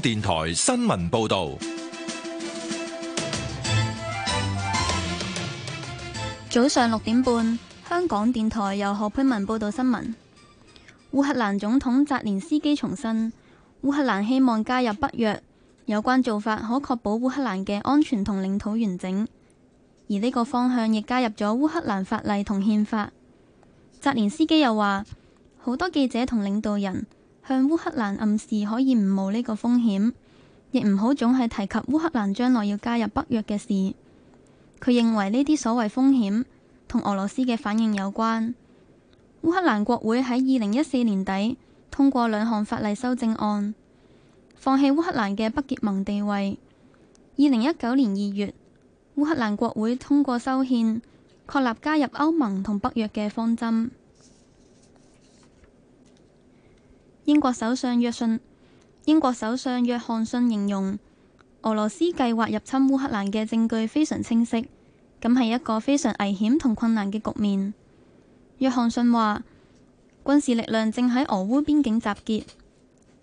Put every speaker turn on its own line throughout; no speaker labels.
電台新聞報道：
早上六點半，香港電台由何佩文報道新聞。烏克蘭總統澤連斯基重申，烏克蘭希望加入北約，有關做法可確保烏克蘭嘅安全同領土完整。而呢個方向亦加入咗烏克蘭法例同憲法。澤連斯基又話：好多記者同領導人。向烏克蘭暗示可以唔冒呢個風險，亦唔好總係提及烏克蘭將來要加入北約嘅事。佢認為呢啲所謂風險同俄羅斯嘅反應有關。烏克蘭國會喺二零一四年底通過兩項法例修正案，放棄烏克蘭嘅北結盟地位。二零一九年二月，烏克蘭國會通過修憲，確立加入歐盟同北約嘅方針。英國首相約信，英國首相約翰遜形容俄羅斯計劃入侵烏克蘭嘅證據非常清晰，咁係一個非常危險同困難嘅局面。約翰遜話軍事力量正喺俄烏邊境集結，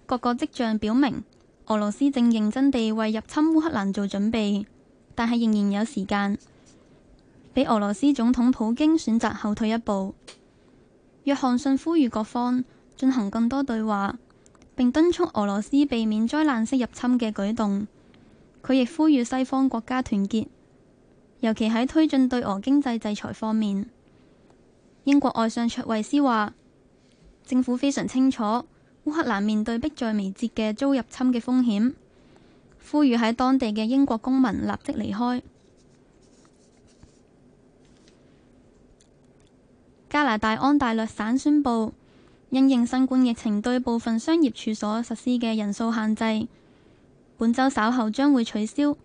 各個跡象表明俄羅斯正認真地為入侵烏克蘭做準備，但係仍然有時間俾俄羅斯總統普京選擇後退一步。約翰遜呼籲各方。進行更多對話，並敦促俄羅斯避免災難式入侵嘅舉動。佢亦呼籲西方國家團結，尤其喺推進對俄經濟制裁方面。英國外相卓慧思話：政府非常清楚烏克蘭面對迫在眉睫嘅遭入侵嘅風險，呼籲喺當地嘅英國公民立即離開。加拿大安大略省宣布。因應新冠疫情對部分商業處所實施嘅人數限制，本周稍後將會取消，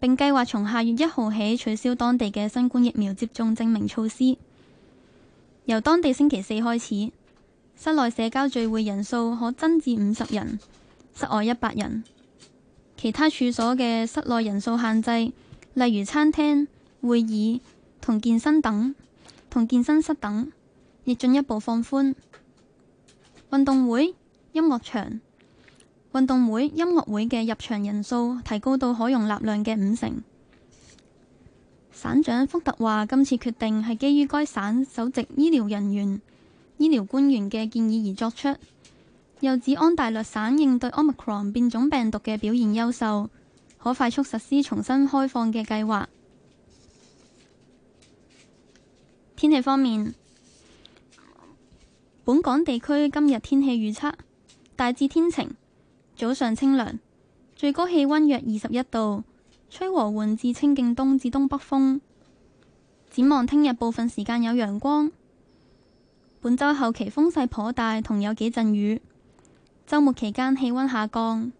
並計劃從下月一號起取消當地嘅新冠疫苗接種證明措施。由當地星期四開始，室內社交聚會人數可增至五十人，室外一百人。其他處所嘅室內人數限制，例如餐廳、會議、同健身等，同健身室等，亦進一步放寬。運動會音樂場、運動會音樂會嘅入場人數提高到可容納量嘅五成。省長福特話：今次決定係基於該省首席醫療人員、醫療官員嘅建議而作出。又指安大略省應對 Omicron 變種病毒嘅表現優秀，可快速實施重新開放嘅計劃。天氣方面。本港地區今日天氣預測，大致天晴，早上清涼，最高氣溫約二十一度，吹和緩至清勁東至東北風。展望聽日部分時間有陽光，本周後期風勢頗大，同有幾陣雨。周末期間氣溫下降。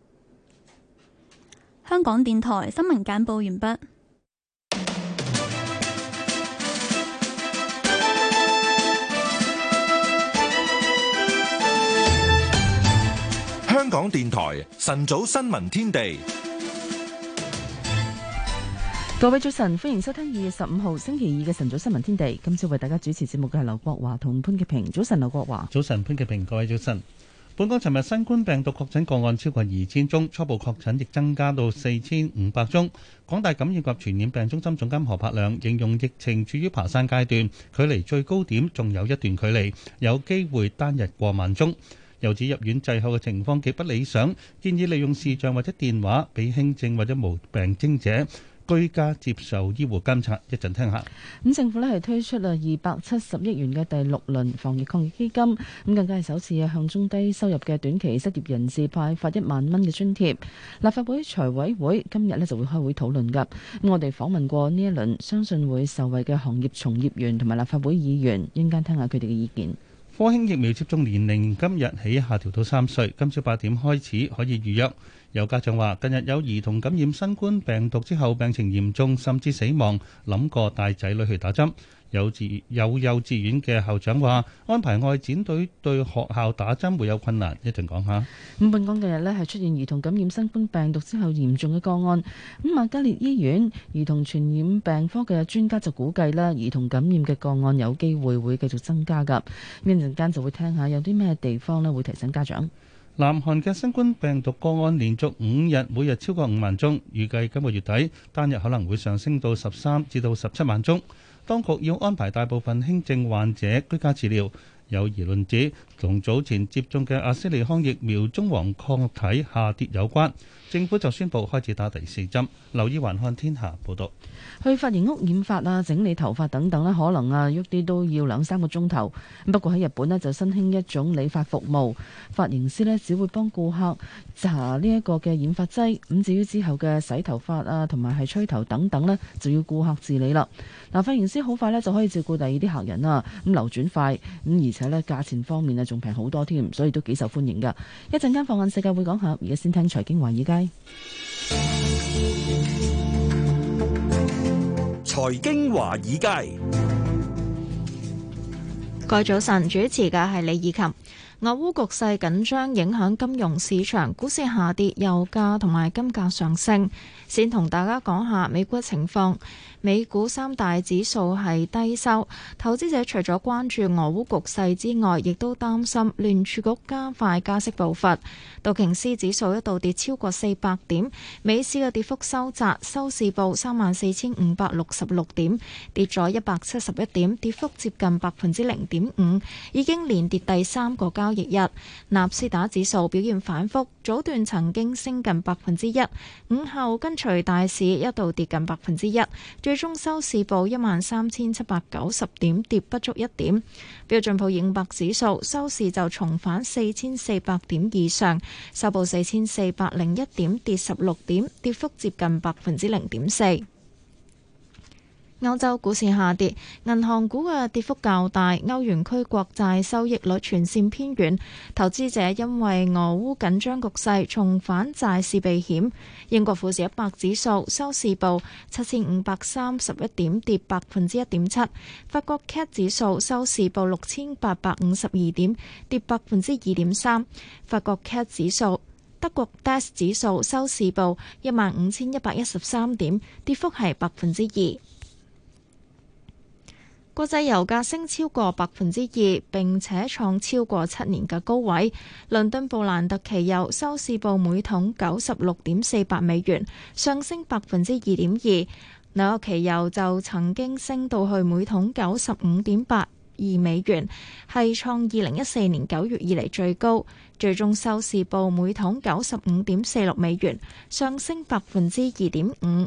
香港電台新聞簡報完畢。
香港電台晨早新聞天地，
各位早晨，歡迎收聽二月十五號星期二嘅晨早新聞天地。今朝為大家主持節目嘅係劉國華同潘潔平。早晨，劉國華。早晨，潘潔平。各位早
晨。本港尋日新冠病毒確診個案超過二千宗，初步確診亦增加到四千五百宗。港大感染及傳染病中心總監何柏良形容疫情處於爬山階段，距離最高點仲有一段距離，有機會單日過萬宗。由此入院滯後嘅情況極不理想，建議利用視像或者電話俾輕症或者無病徵者居家接受醫護監察。一陣聽下。咁
政府咧係推出啦二百七十億元嘅第六輪防疫抗疫基金，咁更加係首次向中低收入嘅短期失業人士派發一萬蚊嘅津貼。立法會財委會今日咧就會開會討論噶，咁我哋訪問過呢一輪相信會受惠嘅行業從業員同埋立法會議員，一陣間聽下佢哋嘅意見。科興疫苗接種年齡今
日起下調到三歲，今朝八點開始可以預約。有家長話：近日有兒童感染新冠病毒之後病情嚴重，甚至死亡，諗過帶仔女去打針。有自有幼稚園嘅校長話：安排外展隊對，對學校打針會有困難，一陣講下。咁
本港近日咧係出現兒童感染新冠病毒之後嚴重嘅個案。咁瑪嘉烈醫院兒童傳染病科嘅專家就估計啦，兒童感染嘅個案有機會會繼續增加㗎。一陣間就會聽下有啲咩地方咧會提醒家長。
南韓嘅新冠病毒個案連續五日每日超過五萬宗，預計今個月底單日可能會上升到十三至到十七萬宗。當局要安排大部分輕症患者居家治療，有疑論指同早前接種嘅阿斯利康疫苗中和抗體下跌有關。政府就宣布開始打第四針。留意環看天下報道：
去髮型屋染髮啊、整理頭髮等等咧，可能啊喐啲都要兩三個鐘頭。不過喺日本呢，就新興一種理髮服務，髮型師呢，只會幫顧客搽呢一個嘅染髮劑。咁至於之後嘅洗頭髮啊、同埋係吹頭等等呢，就要顧客自理啦。嗱，髮型師好快呢，就可以照顧第二啲客人啊，咁流轉快，咁而且呢，價錢方面啊仲平好多添，所以都幾受歡迎㗎。一陣間放眼世界會講下，而家先聽財經華爾街。
財經華爾街，
各位早晨，主持嘅係李以琴。俄烏局勢緊張，影響金融市場，股市下跌，油價同埋金價上升。先同大家講下美國情況。美股三大指數係低收，投資者除咗關注俄烏局勢之外，亦都擔心聯儲局加快加息步伐。道瓊斯指數一度跌超過四百點，美市嘅跌幅收窄，收市報三萬四千五百六十六點，跌咗一百七十一點，跌幅接近百分之零點五，已經連跌第三個交易日。納斯達指數表現反覆，早段曾經升近百分之一，午後跟隨大市一度跌近百分之一。最終收市報一萬三千七百九十點，跌不足一點。標準普爾五百指數收市就重返四千四百點以上，收報四千四百零一點，跌十六點，跌幅接近百分之零點四。歐洲股市下跌，銀行股嘅跌幅較大。歐元區國債收益率全線偏軟，投資者因為俄烏緊張局勢重返債市避險。英國富士一百指數收市報七千五百三十一點，跌百分之一點七。法國 CAC 指數收市報六千八百五十二點，跌百分之二點三。法國 CAC 指數、德國 DAX 指數收市報一萬五千一百一十三點，跌幅係百分之二。國際油價升超過百分之二，並且創超過七年嘅高位。倫敦布蘭特期油收市報每桶九十六點四八美元，上升百分之二點二。紐約期油就曾經升到去每桶九十五點八二美元，係創二零一四年九月以嚟最高。最終收市報每桶九十五點四六美元，上升百分之二點五。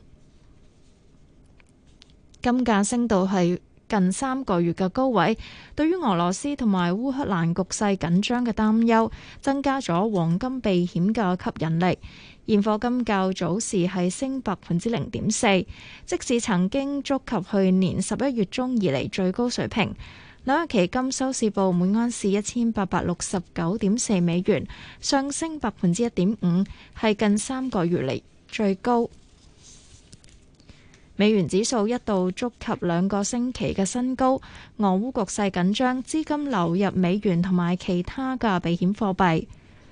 金價升到係近三個月嘅高位，對於俄羅斯同埋烏克蘭局勢緊張嘅擔憂，增加咗黃金避險嘅吸引力。現貨金較早時係升百分之零點四，即使曾經觸及去年十一月中以嚟最高水平。紐約期金收市報每盎司一千八百六十九點四美元，上升百分之一點五，係近三個月嚟最高。美元指數一度觸及兩個星期嘅新高，俄烏局勢緊張，資金流入美元同埋其他嘅避險貨幣。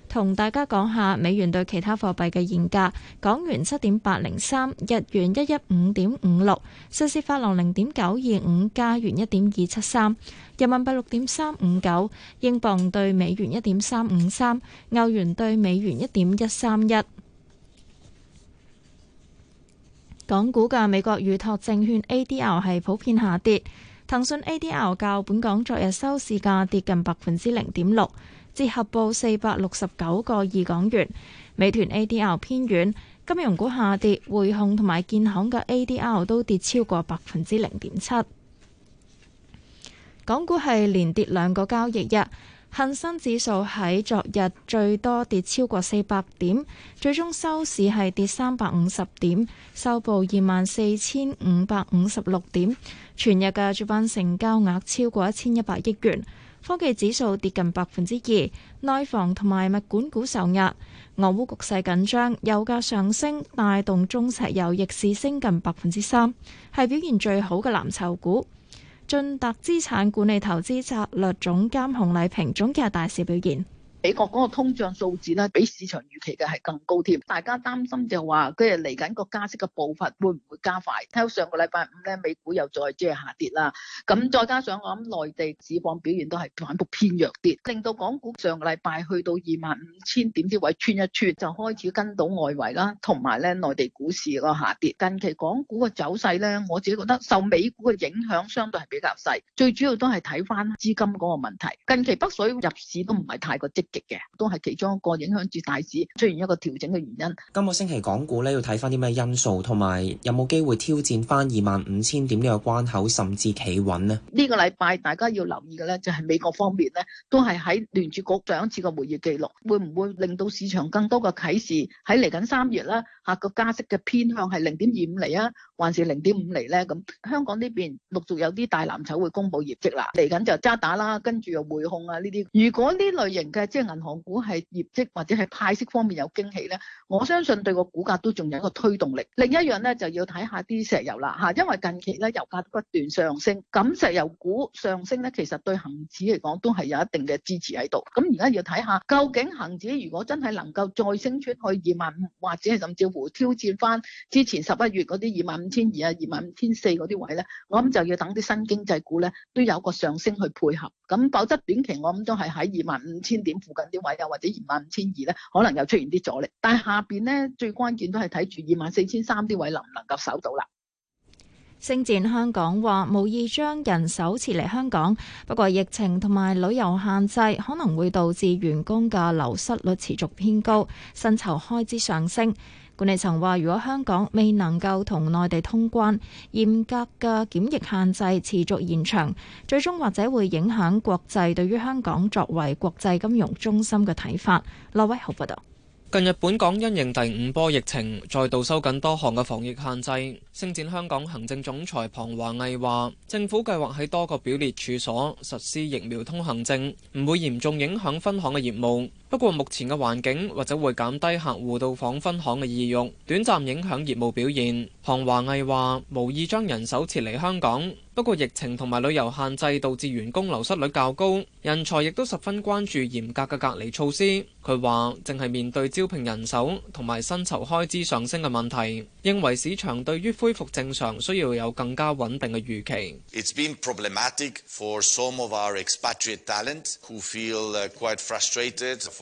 同大家講下美元對其他貨幣嘅現價：港元七點八零三，日元一一五點五六，瑞士法郎零點九二五，加元一點二七三，人民幣六點三五九，英鎊對美元一點三五三，歐元對美元一點一三一。港股嘅美國預託證券 A D L 係普遍下跌，騰訊 A D L 較本港昨日收市價跌近百分之零點六，折合報四百六十九個二港元。美團 A D L 偏軟，金融股下跌，匯控同埋建行嘅 A D L 都跌超過百分之零點七。港股係連跌兩個交易日。恒生指數喺昨日最多跌超過四百點，最終收市係跌三百五十點，收報二萬四千五百五十六點。全日嘅主板成交額超過一千一百億元。科技指數跌近百分之二，內房同埋物管股受壓。俄烏局勢緊張，油價上升帶動中石油逆市升近百分之三，係表現最好嘅藍籌股。晉達資產管理投資策略總監洪禮平總結大市表現。
美國嗰個通脹數字咧，比市場預期嘅係更高添，大家擔心就話，跟住嚟緊個加息嘅步伐會唔會加快？睇到上個禮拜五咧，美股又再即係下跌啦，咁再加上我諗內地市況表現都係反覆偏弱啲，令到港股上個禮拜去到二萬五千點寸寸，之位穿一穿就開始跟到外圍啦，同埋咧內地股市個下跌。近期港股嘅走勢咧，我自己覺得受美股嘅影響相對係比較細，最主要都係睇翻資金嗰個問題。近期北水入市都唔係太過積極。極嘅，都係其中一個影響住大市出現一個調整嘅原因。
今個星期港股咧，要睇翻啲咩因素，同埋有冇機會挑戰翻二萬五千點呢個關口，甚至企穩呢？
呢個禮拜大家要留意嘅咧，就係、是、美國方面咧，都係喺聯儲局上次嘅會議記錄，會唔會令到市場更多嘅啟示喺嚟緊三月咧？下個加息嘅偏向係零點二五厘啊，還是零點五厘咧？咁香港呢邊陸續有啲大藍籌會公布業績啦，嚟緊就渣打啦，跟住又匯控啊呢啲。如果呢類型嘅即係銀行股係業績或者係派息方面有驚喜咧，我相信對個股價都仲有一個推動力。另一樣咧就要睇下啲石油啦，嚇，因為近期咧油價不斷上升，咁石油股上升咧其實對恒指嚟講都係有一定嘅支持喺度。咁而家要睇下究竟恒指如果真係能夠再升出去二萬五或者係甚至。挑戰翻之前十一月嗰啲二萬五千二啊，二萬五千四嗰啲位呢，我諗就要等啲新經濟股呢都有個上升去配合。咁否則短期我諗都係喺二萬五千點附近啲位，又或者二萬五千二呢，可能又出現啲阻力。但係下邊呢，最關鍵都係睇住二萬四千三啲位能唔能夠守到啦。
星展香港話，無意將人手撤離香港，不過疫情同埋旅遊限制可能會導致員工嘅流失率持續偏高，薪酬開支上升。管理層話，如果香港未能夠同內地通關，嚴格嘅檢疫限制持續延長，最終或者會影響國際對於香港作為國際金融中心嘅睇法。劉威豪報道。不
近日本港因應第五波疫情，再度收緊多項嘅防疫限制。星展香港行政總裁龐華毅話，政府計劃喺多個表列處所實施疫苗通行證，唔會嚴重影響分行嘅業務。不過，目前嘅環境或者會減低客戶到訪分行嘅意欲，短暫影響業務表現。韓華毅話：無意將人手撤離香港，不過疫情同埋旅遊限制導致員工流失率較高，人才亦都十分關注嚴格嘅隔離措施。佢話：淨係面對招聘人手同埋薪酬開支上升嘅問題，認為市場對於恢復正常需要有更加穩定嘅預期。It's been
problematic for some of our expatriate talent who feel quite frustrated.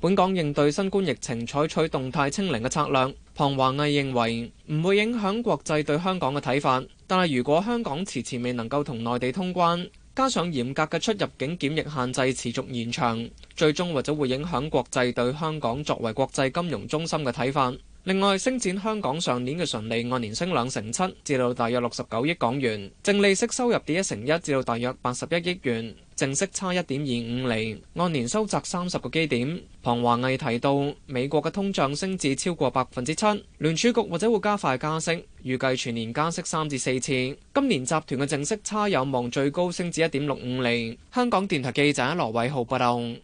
本港應對新冠疫情採取動態清零嘅策略。龐華毅認為唔會影響國際對香港嘅睇法，但係如果香港遲遲未能夠同內地通關，加上嚴格嘅出入境檢疫限制持續延長，最終或者會影響國際對香港作為國際金融中心嘅睇法。另外，升展香港上年嘅純利按年升兩成七，至到大約六十九億港元；淨利息收入跌一成一，至到大約八十一億元；淨息差一點二五厘，按年收窄三十個基點。龐華毅提到，美國嘅通脹升至超過百分之七，聯儲局或者會加快加息，預計全年加息三至四次。今年集團嘅淨息差有望最高升至一點六五厘。香港電台記者羅偉浩報道。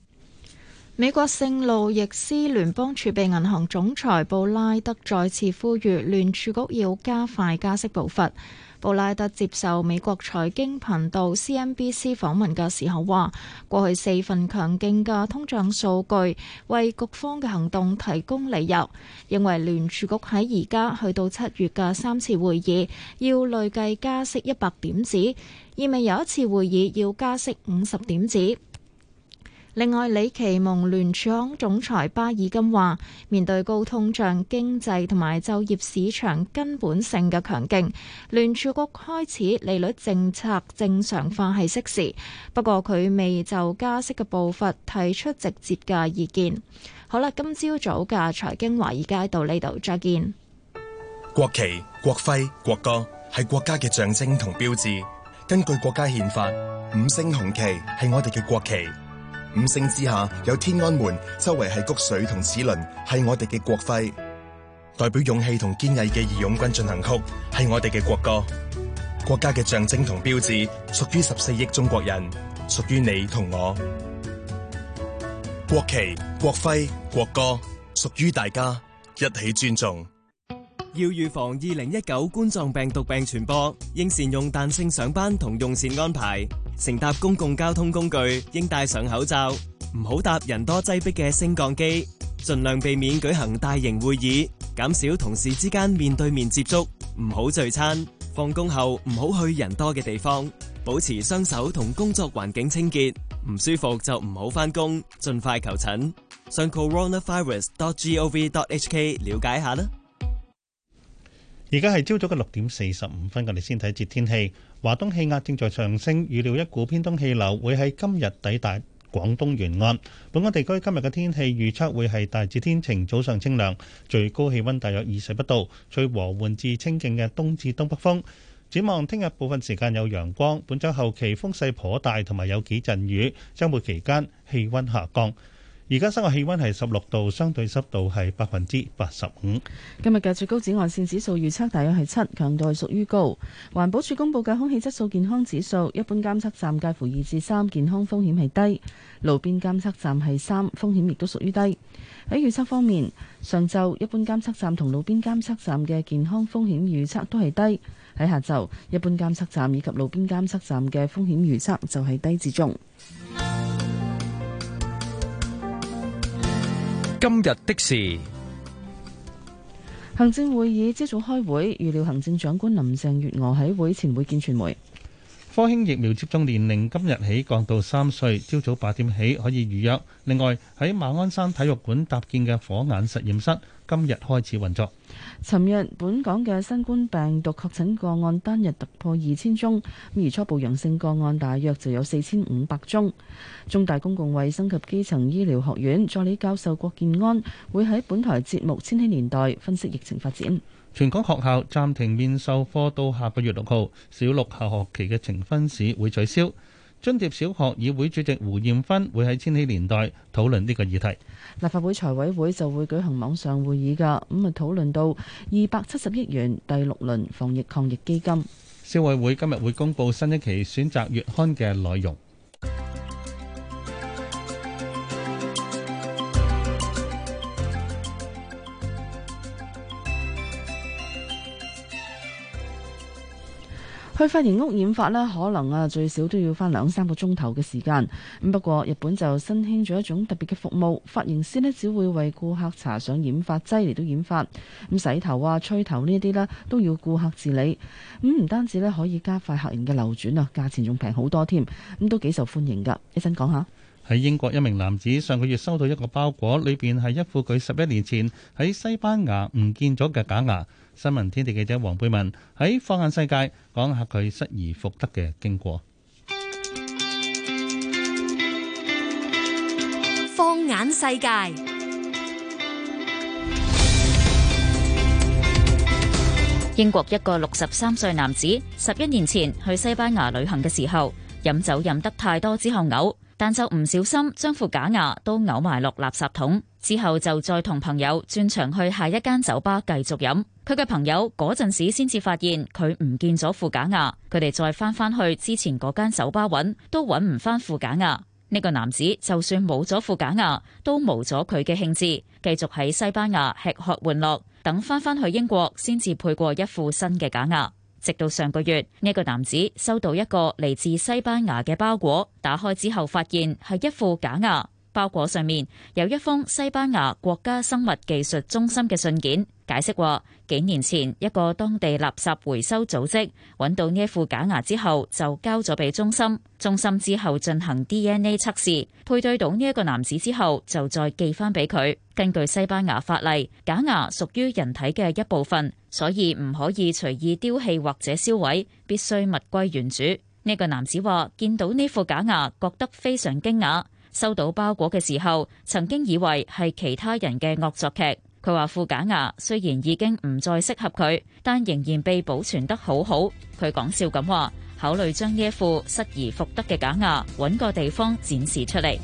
美國聖路易斯聯邦儲備銀行總裁布拉德再次呼籲聯儲局要加快加息步伐。布拉德接受美國財經頻道 CNBC 訪問嘅時候話，過去四份強勁嘅通脹數據為局方嘅行動提供理由，認為聯儲局喺而家去到七月嘅三次會議要累計加息一百點子，意味有一次會議要加息五十點子。另外，李奇蒙聯儲行總裁巴爾金話：面對高通脹、經濟同埋就業市場根本性嘅強勁，聯儲局開始利率政策正常化係適時。不過佢未就加息嘅步伐提出直接嘅意見。好啦，今朝早嘅財經華爾街到呢度再見。
國旗、國徽、國歌係國家嘅象徵同標誌。根據國家憲法，五星紅旗係我哋嘅國旗。五星之下有天安門，周圍係穀穗同齒輪，係我哋嘅國徽。代表勇氣同堅毅嘅《義勇軍進行曲》係我哋嘅國歌。國家嘅象徵同標誌，屬於十四億中國人，屬於你同我。國旗、國徽、國歌，屬於大家，一起尊重。
要預防二零一九冠狀病毒病傳播，應善用彈性上班同用膳安排。乘搭公共交通工具應戴上口罩，唔好搭人多擠迫嘅升降機。盡量避免舉行大型會議，減少同事之間面對面接觸。唔好聚餐，放工後唔好去人多嘅地方，保持雙手同工作環境清潔。唔舒服就唔好返工，盡快求診。上 coronavirus.gov.hk 了解下啦。
而家係朝早嘅六點四十五分，我哋先睇一節天氣。華東氣壓正在上升，預料一股偏東氣流會喺今日抵達廣東沿岸。本港地區今日嘅天氣預測會係大致天晴，早上清涼，最高氣溫大約二十一度，吹和緩至清勁嘅東至東北風。展望聽日部分時間有陽光，本週後期風勢頗大，同埋有幾陣雨，週末期間氣溫下降。而家室外氣溫係十六度，相對濕度係百分之八十五。
今日嘅最高紫外線指數預測大約係七，強度係屬於高。環保署公布嘅空氣質素健康指數，一般監測站介乎二至三，健康風險係低；路邊監測站係三，風險亦都屬於低。喺預測方面，上晝一般監測站同路邊監測站嘅健康風險預測都係低。喺下晝，一般監測站以及路邊監測站嘅風險預測就係低至中。
今日的事，
行政會議朝早開會，預料行政長官林鄭月娥喺會前會見傳媒。
科興疫苗接種年齡今日起降到三歲，朝早八點起可以預約。另外，喺馬鞍山體育館搭建嘅火眼實驗室今日開始運作。
尋日本港嘅新冠病毒確診個案單日突破二千宗，而初步陽性個案大約就有四千五百宗。中大公共衛生及基層醫療學院助理教授郭建安會喺本台節目《千禧年代》分析疫情發展。
全港學校暫停面授課到下個月六號，小六下學，學期嘅呈分試會取消。津貼小學議會主席胡艷芬會喺千禧年代討論呢個議題。
立法會財委會就會舉行網上會議噶，咁啊討論到二百七十億元第六輪防疫抗疫基金。
消委會今日會公布新一期選擇月刊嘅內容。
去髮型屋染髮呢，可能啊最少都要返兩三個鐘頭嘅時間。咁不過日本就新興咗一種特別嘅服務，髮型師呢，只會為顧客搽上染髮劑嚟到染髮，咁洗頭啊、吹頭呢啲呢，都要顧客自理。咁唔單止咧可以加快客人嘅流轉啊，價錢仲平好多添，咁都幾受歡迎㗎。一陣講下
喺英國，一名男子上個月收到一個包裹，裏邊係一副佢十一年前喺西班牙唔見咗嘅假牙。新聞天地記者黃佩文喺《放眼世界》講下佢失而復得嘅經過。
放眼世界。
英國一個六十三歲男子十一年前去西班牙旅行嘅時候，飲酒飲得太多之後嘔，但就唔小心將副假牙都嘔埋落垃圾桶。之後就再同朋友轉場去下一間酒吧繼續飲。佢嘅朋友嗰陣時先至發現佢唔見咗副假牙。佢哋再翻翻去之前嗰間酒吧揾，都揾唔翻副假牙。呢個男子就算冇咗副假牙，都冇咗佢嘅興致，繼續喺西班牙吃喝玩樂。等翻翻去英國，先至配過一副新嘅假牙。直到上個月，呢個男子收到一個嚟自西班牙嘅包裹，打開之後發現係一副假牙。包裹上面有一封西班牙國家生物技術中心嘅信件，解釋話幾年前一個當地垃圾回收組織揾到呢一副假牙之後，就交咗俾中心。中心之後進行 DNA 測試，配對到呢一個男子之後，就再寄翻俾佢。根據西班牙法例，假牙屬於人體嘅一部分，所以唔可以隨意丟棄或者銷毀，必須物歸原主。呢個男子話見到呢副假牙，覺得非常驚訝。收到包裹嘅時候，曾經以為係其他人嘅惡作劇。佢話副假牙雖然已經唔再適合佢，但仍然被保存得好好。佢講笑咁話，考慮將呢一副失而復得嘅假牙，揾個地方展示出嚟。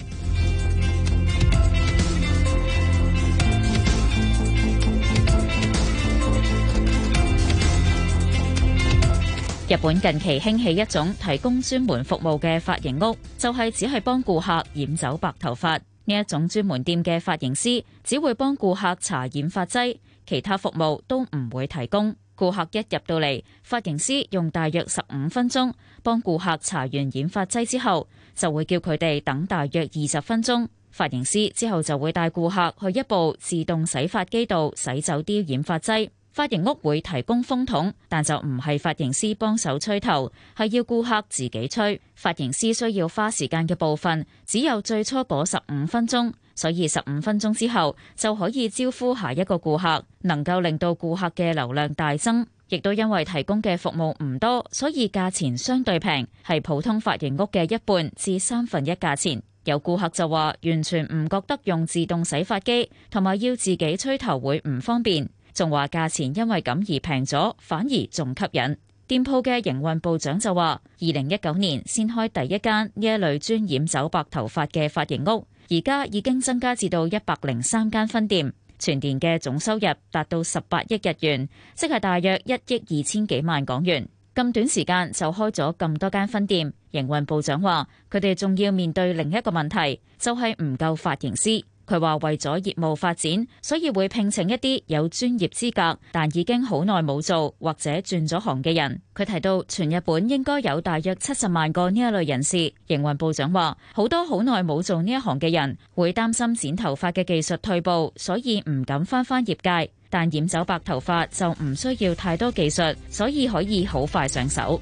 日本近期興起一種提供專門服務嘅髮型屋，就係只係幫顧客染走白頭髮。呢一種專門店嘅髮型師只會幫顧客搽染髮劑，其他服務都唔會提供。顧客一入到嚟，髮型師用大約十五分鐘幫顧客搽完染髮劑之後，就會叫佢哋等大約二十分鐘。髮型師之後就會帶顧客去一部自動洗髮機度洗走啲染髮劑。髮型屋會提供風筒，但就唔係髮型師幫手吹頭，係要顧客自己吹。髮型師需要花時間嘅部分只有最初嗰十五分鐘，所以十五分鐘之後就可以招呼下一個顧客，能夠令到顧客嘅流量大增。亦都因為提供嘅服務唔多，所以價錢相對平，係普通髮型屋嘅一半至三分一價錢。有顧客就話完全唔覺得用自動洗髮機同埋要自己吹頭會唔方便。仲話價錢因為咁而平咗，反而仲吸引。店鋪嘅營運部長就話：二零一九年先開第一間呢一類專染走白頭髮嘅髮型屋，而家已經增加至到一百零三間分店，全年嘅總收入達到十八億日元，即係大約一億二千幾萬港元。咁短時間就開咗咁多間分店，營運部長話：佢哋仲要面對另一個問題，就係唔夠髮型師。佢話：為咗業務發展，所以會聘請一啲有專業資格，但已經好耐冇做或者轉咗行嘅人。佢提到，全日本應該有大約七十萬個呢一類人士。營運部長話：好多好耐冇做呢一行嘅人會擔心剪頭髮嘅技術退步，所以唔敢翻返業界。但染走白頭髮就唔需要太多技術，所以可以好快上手。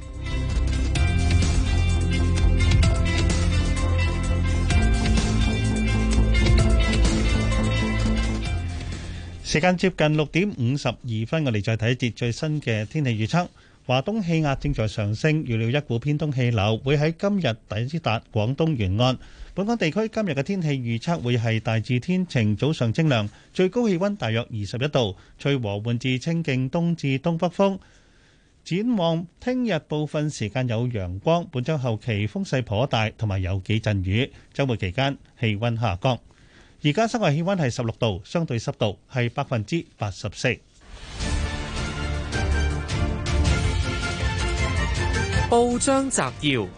時間接近六點五十二分，我哋再睇一節最新嘅天氣預測。華東氣壓正在上升，預料一股偏東氣流會喺今日抵達廣東沿岸。本港地區今日嘅天氣預測會係大致天晴，早上清涼，最高氣溫大約二十一度，吹和緩至清勁東至東北風。展望聽日部分時間有陽光，本周後期風勢頗大，同埋有，有幾陣雨。周末期間氣溫下降。而家室外氣溫係十六度，相對濕度係百分之八十四。
報章摘要：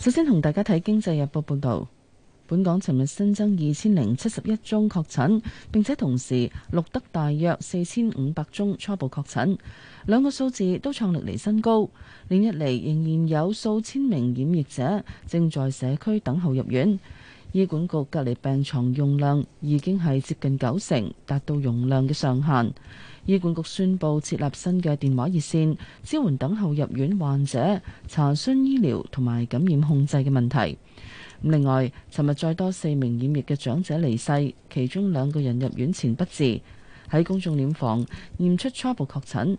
首先同大家睇《經濟日報》報導，本港尋日新增二千零七十一宗確診，並且同時錄得大約四千五百宗初步確診，兩個數字都創歷嚟新高。連日嚟仍然有數千名染疫者正在社區等候入院。醫管局隔離病床容量已經係接近九成，達到容量嘅上限。醫管局宣佈設立新嘅電話熱線，支援等候入院患者，查詢醫療同埋感染控制嘅問題。另外，尋日再多四名染疫嘅長者離世，其中兩個人入院前不治，喺公眾殮房驗出初步確診。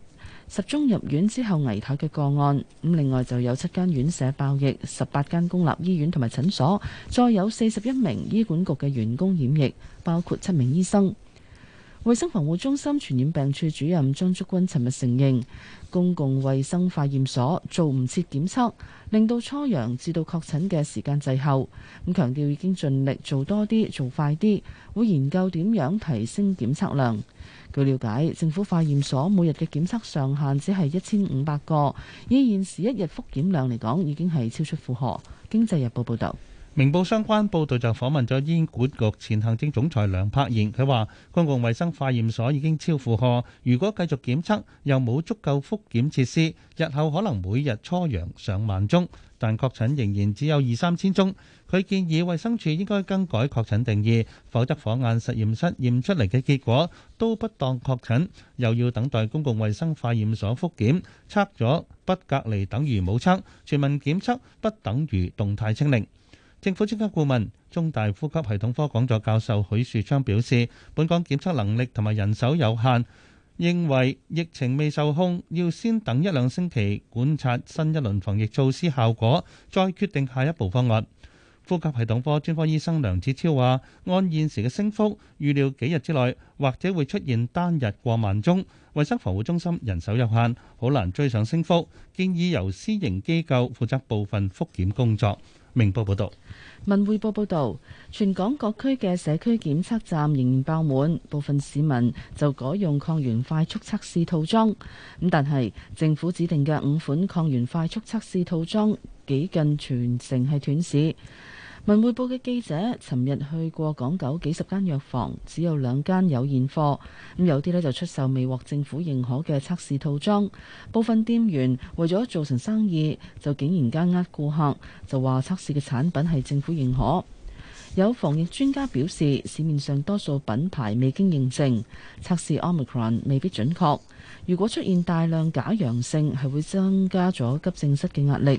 十宗入院之後危殆嘅個案，咁另外就有七間院舍爆疫。十八間公立醫院同埋診所，再有四十一名醫管局嘅員工染疫，包括七名醫生。衞生防護中心傳染病處主任張竹君尋日承認，公共衞生化驗所做唔切檢測，令到初陽至到確診嘅時間滯後。咁強調已經盡力做多啲、做快啲，會研究點樣提升檢測量。據了解，政府化驗所每日嘅檢測上限只係一千五百個，以現時一日覆檢量嚟講，已經係超出負荷。經濟日報報導。
明報相關報導就訪問咗醫管局前行政總裁梁柏賢，佢話：公共衛生化驗所已經超負荷，如果繼續檢測又冇足夠復檢設施，日後可能每日初陽上萬宗，但確診仍然只有二三千宗。佢建議衛生署應該更改確診定義，否則火眼實驗室驗出嚟嘅結果都不當確診，又要等待公共衛生化驗所復檢。測咗不隔離，等於冇測；全民檢測不等於動態清零。政府專家顧問、中大呼吸系統科講座教授許樹昌表示，本港檢測能力同埋人手有限，認為疫情未受控，要先等一兩星期觀察新一輪防疫措施效果，再決定下一步方案。呼吸系統科專科醫生梁子超話，按現時嘅升幅，預料幾日之內或者會出現單日過萬宗。衞生防護中心人手有限，好難追上升幅，建議由私營機構負責部分復檢工作。明報報道，
文匯報報道，全港各區嘅社區檢測站仍然爆滿，部分市民就改用抗原快速測試套裝。咁但係政府指定嘅五款抗原快速測試套裝幾近全城係斷市。文匯報嘅記者尋日去過港九幾十間藥房，只有兩間有現貨。咁有啲咧就出售未獲政府認可嘅測試套裝，部分店員為咗做成生意，就竟然間呃顧客，就話測試嘅產品係政府認可。有防疫專家表示，市面上多數品牌未經認證，測試 Omicron 未必準確。如果出現大量假陽性，係會增加咗急症室嘅壓力；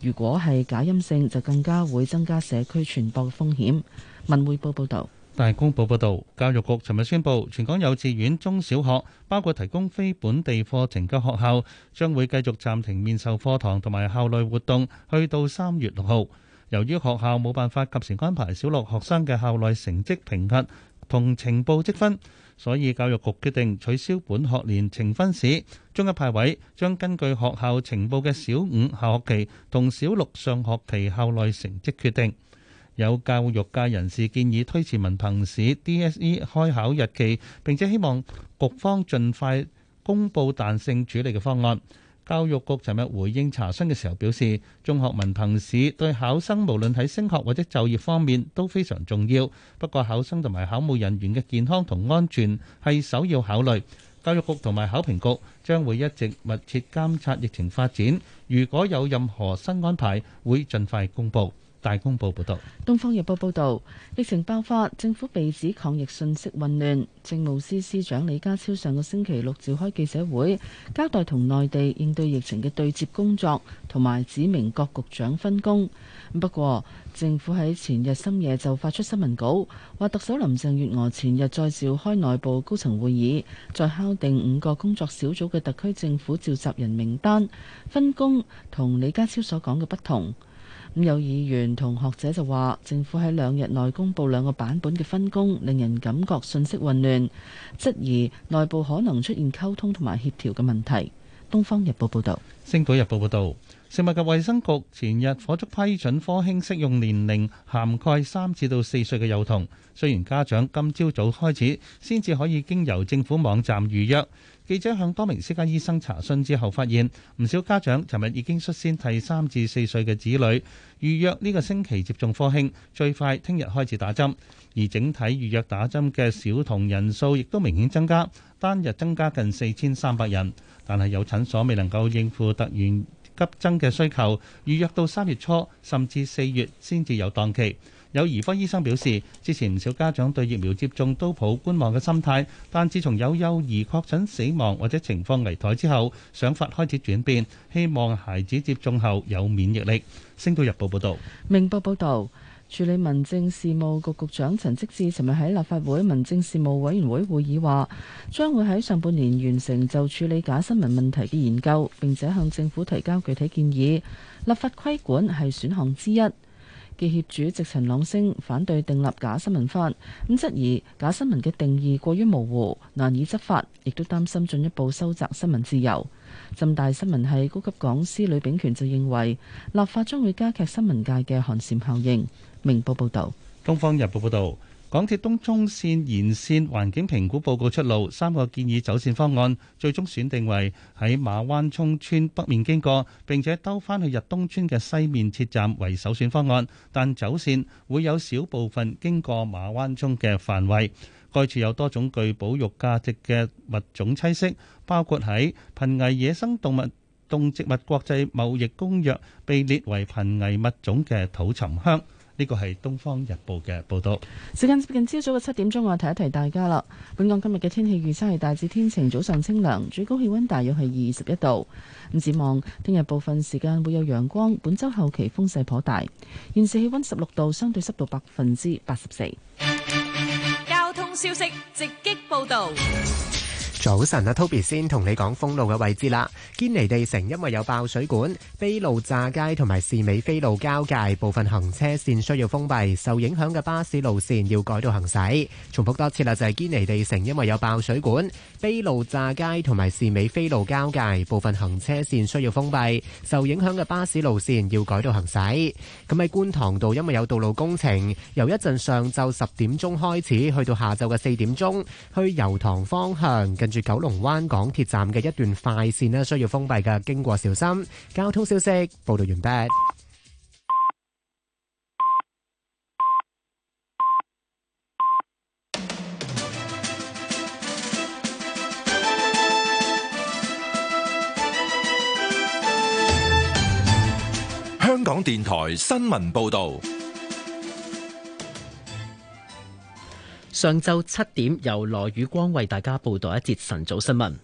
如果係假陰性，就更加會增加社區傳播嘅風險。文匯報報道，
大公報報道，教育局尋日宣布，全港幼稚園、中小學，包括提供非本地課程嘅學校，將會繼續暫停面授課堂同埋校內活動，去到三月六號。由於學校冇辦法及時安排小六學生嘅校內成績評核同呈報積分，所以教育局決定取消本學年呈分試中一派位，將根據學校呈報嘅小五下學期同小六上學期校內成績決定。有教育界人士建議推遲文憑試 DSE 開考日期，並且希望局方盡快公布彈性處理嘅方案。教育局尋日回應查詢嘅時候表示，中學文憑試對考生無論喺升學或者就業方面都非常重要。不過考生同埋考務人員嘅健康同安全係首要考慮，教育局同埋考評局將會一直密切監察疫情發展，如果有任何新安排，會盡快公布。大公報報道，
東方日報報道，疫情爆發，政府被指抗疫信息混亂。政務司司長李家超上個星期六召開記者會，交代同內地應對疫情嘅對接工作，同埋指明各局長分工。不過，政府喺前日深夜就發出新聞稿，話特首林鄭月娥前日再召開內部高層會議，再敲定五個工作小組嘅特區政府召集人名單、分工，同李家超所講嘅不同。咁有議員同學者就話，政府喺兩日內公布兩個版本嘅分工，令人感覺信息混亂，質疑內部可能出現溝通同埋協調嘅問題。《東方日報》報道，
《星島日報》報道，食物及衛生局前日火速批准科興適用年齡涵蓋三至到四歲嘅幼童，雖然家長今朝早開始先至可以經由政府網站預約。記者向多名私家醫生查詢之後，發現唔少家長尋日已經率先替三至四歲嘅子女預約呢個星期接種科興，最快聽日開始打針。而整體預約打針嘅小童人數亦都明顯增加，單日增加近四千三百人。但係有診所未能夠應付突然急增嘅需求，預約到三月初，甚至四月先至有檔期。有兒科醫生表示，之前唔少家長對疫苗接種都抱觀望嘅心態，但自從有幼兒確診死亡或者情況危殆之後，想法開始轉變，希望孩子接種後有免疫力。星島日報報道：
「明報報道，處理民政事務局局長陳積志，尋日喺立法會民政事務委員會會議話，將會喺上半年完成就處理假新聞問題嘅研究，並且向政府提交具體建議。立法規管係選項之一。嘅協主席陳朗升反對訂立假新聞法，咁質疑假新聞嘅定義過於模糊，難以執法，亦都擔心進一步收窄新聞自由。浸大新聞系高級講師呂秉權就認為，立法將會加劇新聞界嘅寒蟬效應。明報報道。
東方日報報導。港鐵東涌線延線環境評估報告出爐，三個建議走線方案，最終選定為喺馬灣涌村北面經過，並且兜翻去日東村嘅西面設站為首選方案。但走線會有少部分經過馬灣涌嘅範圍，該處有多種具保育價值嘅物種棲息，包括喺《瀕危野生動物動植物國際貿易公約》被列為瀕危物種嘅土沉香。呢個係《東方日報》嘅報道。
時間接近朝早嘅七點鐘，我提一提大家啦。本港今日嘅天氣預測係大致天晴，早上清涼，最高氣温大約係二十一度。咁展望聽日部分時間會有陽光。本周後期風勢頗大。現
時氣温十六度，相對濕度百分之八十四。
交通消息
直擊報導。
早晨啊，Toby 先同你講封路嘅位置啦。堅尼地城因為有爆水管，卑路乍街同埋士美菲路交界部分行車線需要封閉，受影響嘅巴士路線要改道行駛。重複多次啦，就係、是、堅尼地城因為有爆水管。卑路乍街同埋士美菲路交界部分行車線需要封閉，受影響嘅巴士路線要改道行駛。咁喺觀塘道因為有道路工程，由一陣上晝十點鐘開始，去到下晝嘅四點鐘，去油塘方向，近住九龍灣港鐵站嘅一段快線呢，需要封閉嘅，經過小心。交通消息報道完畢。
香港電台新聞報道，
上晝七點由羅宇光為大家報道一節晨早新聞。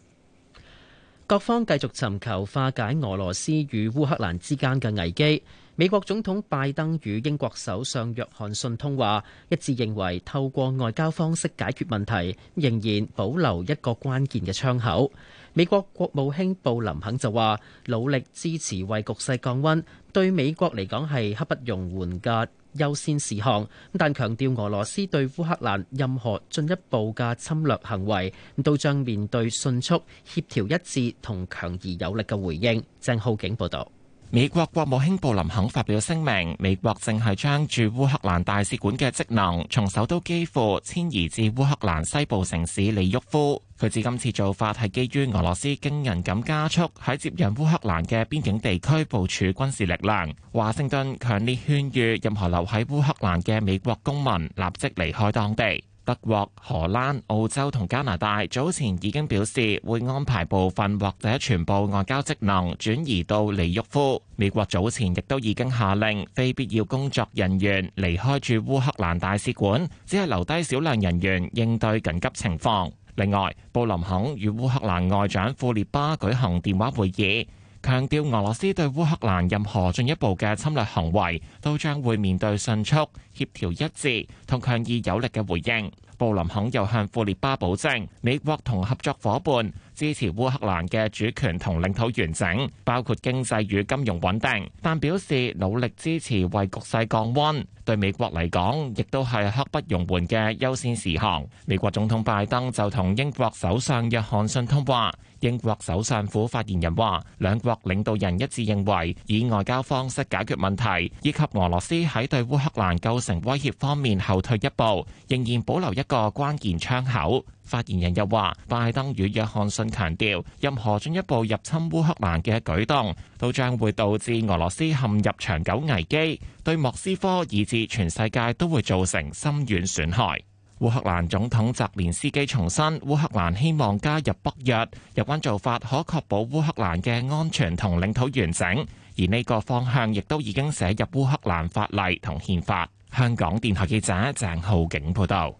各方繼續尋求化解俄羅斯與烏克蘭之間嘅危機。美國總統拜登與英國首相約翰遜通話，一致認為透過外交方式解決問題，仍然保留一個關鍵嘅窗口。美國國務卿布林肯就話，努力支持為局勢降温，對美國嚟講係刻不容緩嘅優先事項。咁但強調俄羅斯對烏克蘭任何進一步嘅侵略行為，都將面對迅速協調一致同強而有力
嘅回應。鄭浩景報道。美國國務卿布林肯發表聲明，美國正係將駐烏克蘭大使館嘅職能從首都基輔遷移至烏克蘭西部城市利沃夫。佢指今次做法係基於俄羅斯驚人咁加速喺接壤烏克蘭嘅邊境地區部署軍事力量。華盛頓強烈勸喻任何留喺烏克蘭嘅美國公民立即離開當地。德國、荷蘭、澳洲同加拿大早前已經表示會安排部分或者全部外交職能轉移到利沃夫。美國早前亦都已經下令非必要工作人員離開駐烏克蘭大使館，只係留低少量人員應對緊急情況。另外，布林肯與烏克蘭外長庫列巴舉行電話會議。強調俄羅斯對烏克蘭任何進一步嘅侵略行為，都將會面對迅速、協調一致同強而有力嘅回應。布林肯又向庫列巴保證，美國同合作夥伴，支持烏克蘭嘅主權同領土完整，包括經濟與金融穩定，但表示努力支持為局勢降溫。對美國嚟講，亦都係刻不容緩嘅優先事項。美國總統拜登就同英國首相約翰遜通話，英國首相府發言人話，兩國領導人一致認為以外交方式解決問題，以及俄羅斯喺對烏克蘭構成威脅方面後退一步，仍然保留一個關鍵窗口。發言人又話，拜登與約翰遜強調，任何進一步入侵烏克蘭嘅舉動，都將會導致俄羅斯陷入長久危機，對莫斯科以至全世界都會造成深遠損害。烏克蘭總統澤連斯基重申，烏克蘭希望加入北約，有關做法可確保烏克蘭嘅安全同領土完整，而呢個方向亦都已經寫入烏克蘭法例同憲法。香港電台記者鄭浩景報道。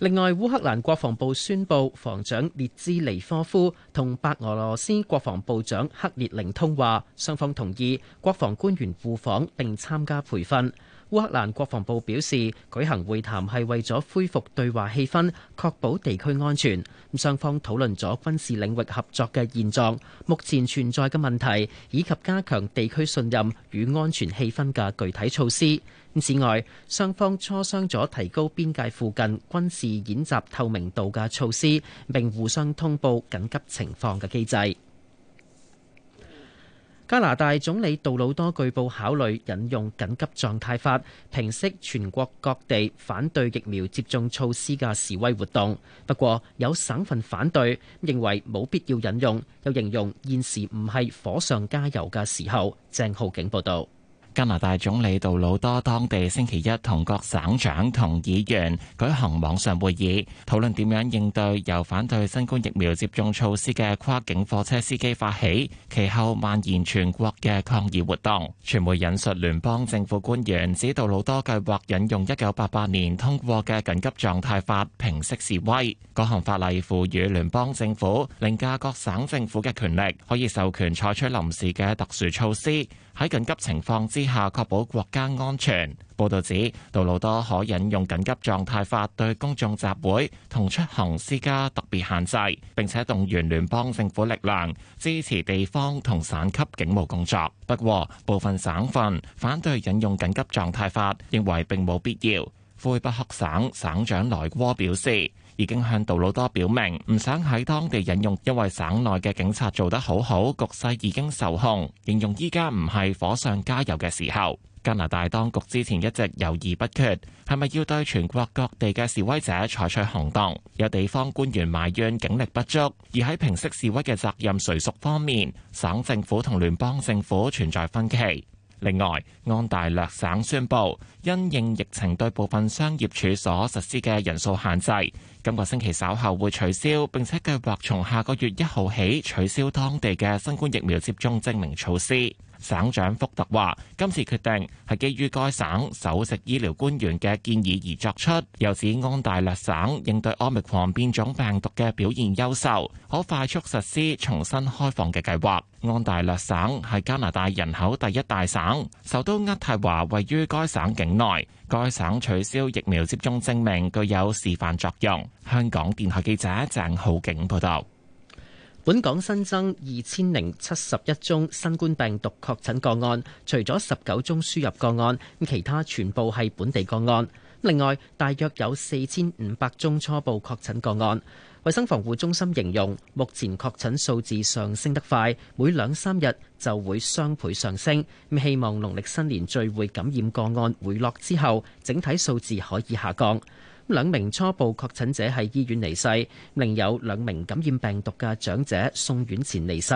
另外，烏克
蘭國防部宣布，防長列茲尼科夫同白俄羅斯國防部長克列寧通話，雙方同意國防官員互訪並參加培訓。烏克蘭國防部表示，舉行會談係為咗恢復對話氣氛，確保地區安全。咁雙方討論咗軍事領域合作嘅現狀、目前存在嘅問題，以及加強地區信任與安全氣氛嘅具體措施。此外，雙方磋商咗提高邊界附近軍事演習透明度嘅措施，並互相通報緊急情況嘅機制。加拿大總理杜魯多據報考慮引用緊急狀態法，平息全國各地反對疫苗接種措施嘅示威活動。不過，有省份反對，認為冇必要引用，又形容現時
唔係火上加油嘅時候。鄭浩景報導。加拿大總理杜魯多當地星期一同各省長同議員舉行網上會議，討論點樣應對由反對新冠疫苗接種措施嘅跨境貨車司機發起，其後蔓延全國嘅抗議活動。傳媒引述聯邦政府官員指，杜魯多計劃引用一九八八年通過嘅緊急狀態法平息示威。該項法例賦予聯邦政府凌駕各省政府嘅權力，可以授權採取臨時嘅特殊措施。喺緊急情況之下，確保國家安全。報導指，杜魯多可引用緊急狀態法對公眾集會同出行施加特別限制，並且動員聯邦政府力量支持地方同省級警務工作。不過，部分省份反對引用緊急狀態法，認為並冇必要。魁北克省省長萊窩表示，已經向杜魯多表明唔想喺當地引用，因為省內嘅警察做得好好，局勢已經受控。形容依家唔係火上加油嘅時候。加拿大當局之前一直猶豫不決，係咪要對全國各地嘅示威者採取行動。有地方官員埋怨警力不足，而喺平息示威嘅責任誰屬方面，省政府同聯邦政府存在分歧。另外，安大略省宣布，因應疫情對部分商業處所實施嘅人數限制，今個星期稍後會取消，並且計劃從下個月一號起取消當地嘅新冠疫苗接種證明措施。省長福特話：今次決定係基於該省首席醫療官員嘅建議而作出，又指安大略省應對奧密克戎變種病毒嘅表現優秀，可快速實施重新開放嘅計劃。安大略省係加拿大人口第一大省，首都渥太華位於該省境內。該省取消疫苗接種證明具有示範作用。香港電台記者鄭浩景報道。本港新增二千零
七十一宗新冠病毒確診個案，除咗十九宗輸入個案，其他全部係本地個案。另外，大約有四千五百宗初步確診個案。衛生防護中心形容，目前確診數字上升得快，每兩三日就會雙倍上升。咁希望農曆新年聚會感染個案回落之後，整體數字可以下降。兩名初步確診者喺醫院離世，另有兩名感染病毒嘅長者送院前離世。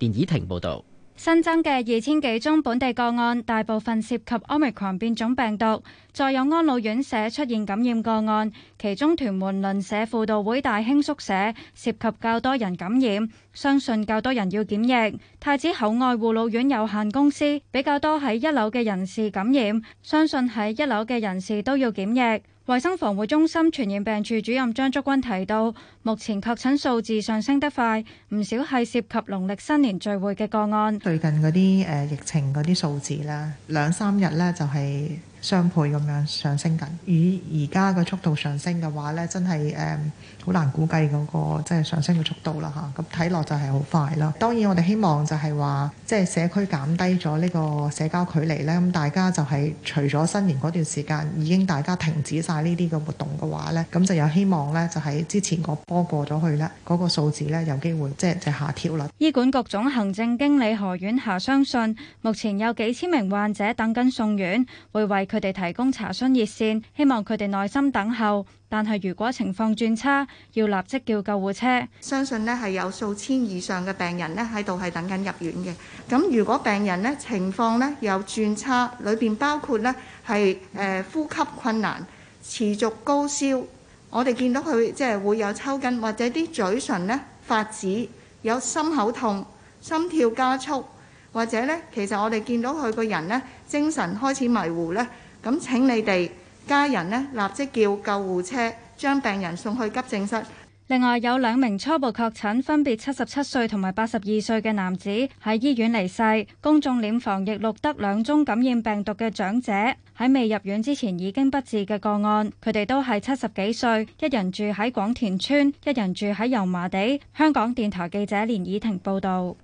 連倚婷報導。
新增嘅二千幾宗本地個案，大部分涉及 Omicron 變種病毒。再有安老院舍出現感染個案，其中屯門鄰舍輔導會大興宿舍涉及較多人感染，相信較多人要檢疫。太子口外護老院有限公司比較多喺一樓嘅人士感染，相信喺一樓嘅人士都要檢疫。衛生防護中心傳染病處主任張竹君提到，目前確診數字上升得快，唔少係涉及農曆新年聚會嘅個案。最
近嗰啲誒疫情嗰啲數字啦，兩三日咧就係、是。雙倍咁樣上升緊，以而家嘅速度上升嘅話呢，真係誒好難估計嗰個即係上升嘅速度啦嚇。咁睇落就係好快啦。當然我哋希望就係話，即係社區減低咗呢個社交距離呢。咁大家就係除咗新年嗰段時間已經大家停止晒呢啲嘅活動嘅話呢，咁就有希望呢，就喺之前個波過咗去呢嗰個數字呢，有機會即係就下調啦。
醫管局總行政經理何婉霞相信，目前有幾千名患者等緊送院，會為佢哋提供查詢熱線，希望佢哋耐心等候。但係如果情況轉差，要立即叫救護車。相信呢係有數千以上嘅病人呢喺度係等
緊入院嘅。咁如果病人呢情況呢有轉差，裏邊包括呢係誒呼吸困難、持續高燒。我哋見到佢即係會有抽筋，或者啲嘴唇呢發紫，有心口痛、心跳加速，或者呢，其實我哋見到佢個人呢，精神開始迷糊咧，
咁請你哋家人呢，立即叫救護車將病人送去急症室。另外有兩名初步確診，分別七十七歲同埋八十二歲嘅男子喺醫院離世。公眾殮房亦錄得兩宗感染病毒嘅長者喺未入院之前已經不治嘅個案，佢哋都係七十幾歲，一人住喺廣田村，一人住喺油麻地。香港電台記者連以婷報導。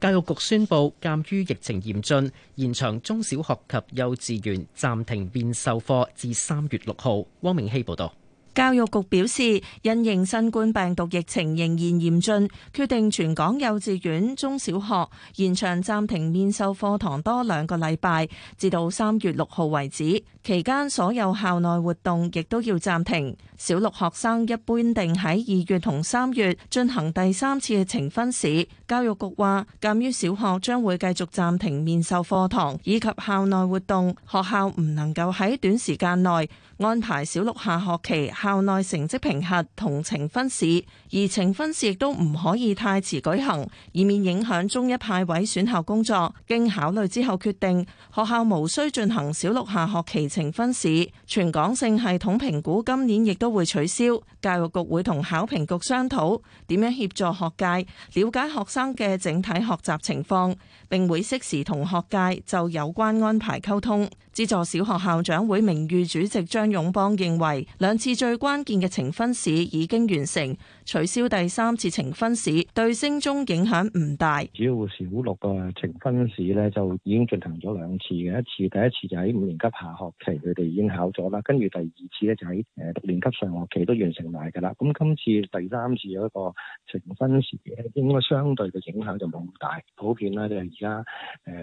教育局宣布，鑒於疫情嚴峻，延長中小學及幼稚園暫停面授課至三月六號，汪明熙報道。教育局表示，
因應新冠病毒疫情仍然嚴峻，決定全港幼稚園中小學延長暫停面授課堂多兩個禮拜，至到三月六號為止。期間所有校內活動亦都要暫停。小六學生一般定喺二月同三月進行第三次嘅呈分試。教育局話鑒於小學將會繼續暫停面授課堂以及校內活動，學校唔能夠喺短時間內。安排小六下學期校內成績評核同呈分試，而呈分試亦都唔可以太遲舉行，以免影響中一派位選校工作。經考慮之後決定，學校無需進行小六下學期呈分試。全港性系統評估今年亦都會取消，教育局會同考評局商討點樣協助學界了解學生嘅整體學習情況，並會適時同學界就有關安排溝通。資助小學校長會名譽主席張勇邦認為，兩次最關鍵嘅呈分試已經完成。取消第三次呈分試，對升中影響唔大。主要
小六個呈分試咧，就已經進行咗兩次嘅，一次第一次就喺五年級下
學期，佢哋已經考咗啦。跟住第二次咧就喺誒六年級上學期都完成埋噶啦。咁今次第三次有一個呈分試咧，應該相對嘅影響就冇咁大。普遍咧，即係而家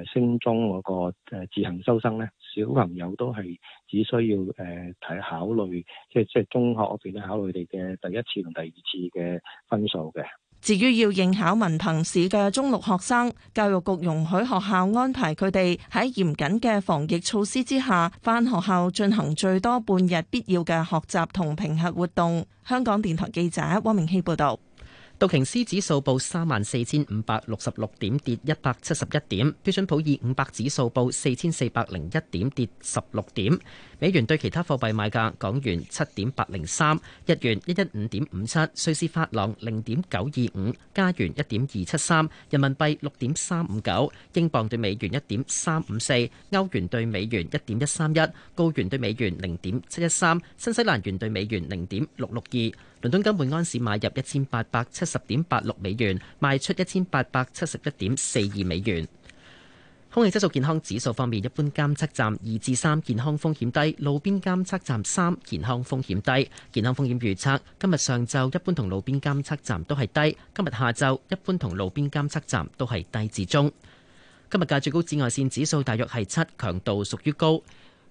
誒升中嗰個自行收生咧，小朋友都係只需要誒睇、呃、考慮，即係即係中學嗰邊咧考慮佢哋嘅第一次同第二次。嘅分數
嘅。至於要應考文憑試嘅中六學生，教育局容許學校安排佢哋喺嚴謹嘅防疫措施之下，返學校進行最多半日必要嘅學習同評核活動。香港電台
記者汪明熙報導。道瓊斯指數報三萬四千五百六十六點，跌一百七十一點。標準普爾五百指數報四千四百零一點，跌十六點。美元對其他貨幣賣價：港元七點八零三，日元一一五點五七，瑞士法郎零點九二五，加元一點二七三，人民幣六點三五九，英鎊對美元一點三五四，歐元對美元一點一三一，高元對美元零點七一三，新西蘭元對美元零點六六二。倫敦金本安市買入一千八百七十點八六美元，賣出一千八百七十一點四二美元。空氣質素健康指數方面，一般監測站二至三，健康風險低；路邊監測站三，健康風險低。健康風險預測：今日上晝一般同路邊監測站都係低；今日下晝一般同路邊監測站都係低至中。今日嘅最高紫外線指數大約係七，強度屬於高。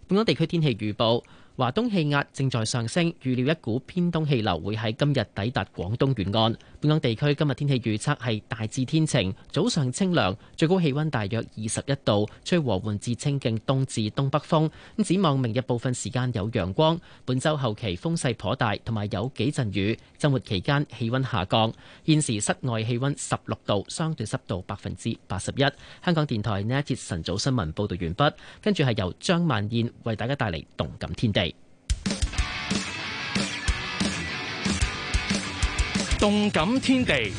本港地區天氣預報。華東氣壓正在上升，預料一股偏東氣流會喺今日抵達廣東沿岸。本港地區今日天氣預測係大致天晴，早上清涼，最高氣温大約二十一度，吹和緩至清勁東至東北風。咁展望明日部分時間有陽光，本週後期風勢頗大，同埋有幾陣雨。週末期間氣温下降。現時室外氣温十六度，相對濕度百分之八十一。香港電台呢一節晨早新聞報道完畢，跟住係由張萬燕為大家帶嚟動感天地。動感天地，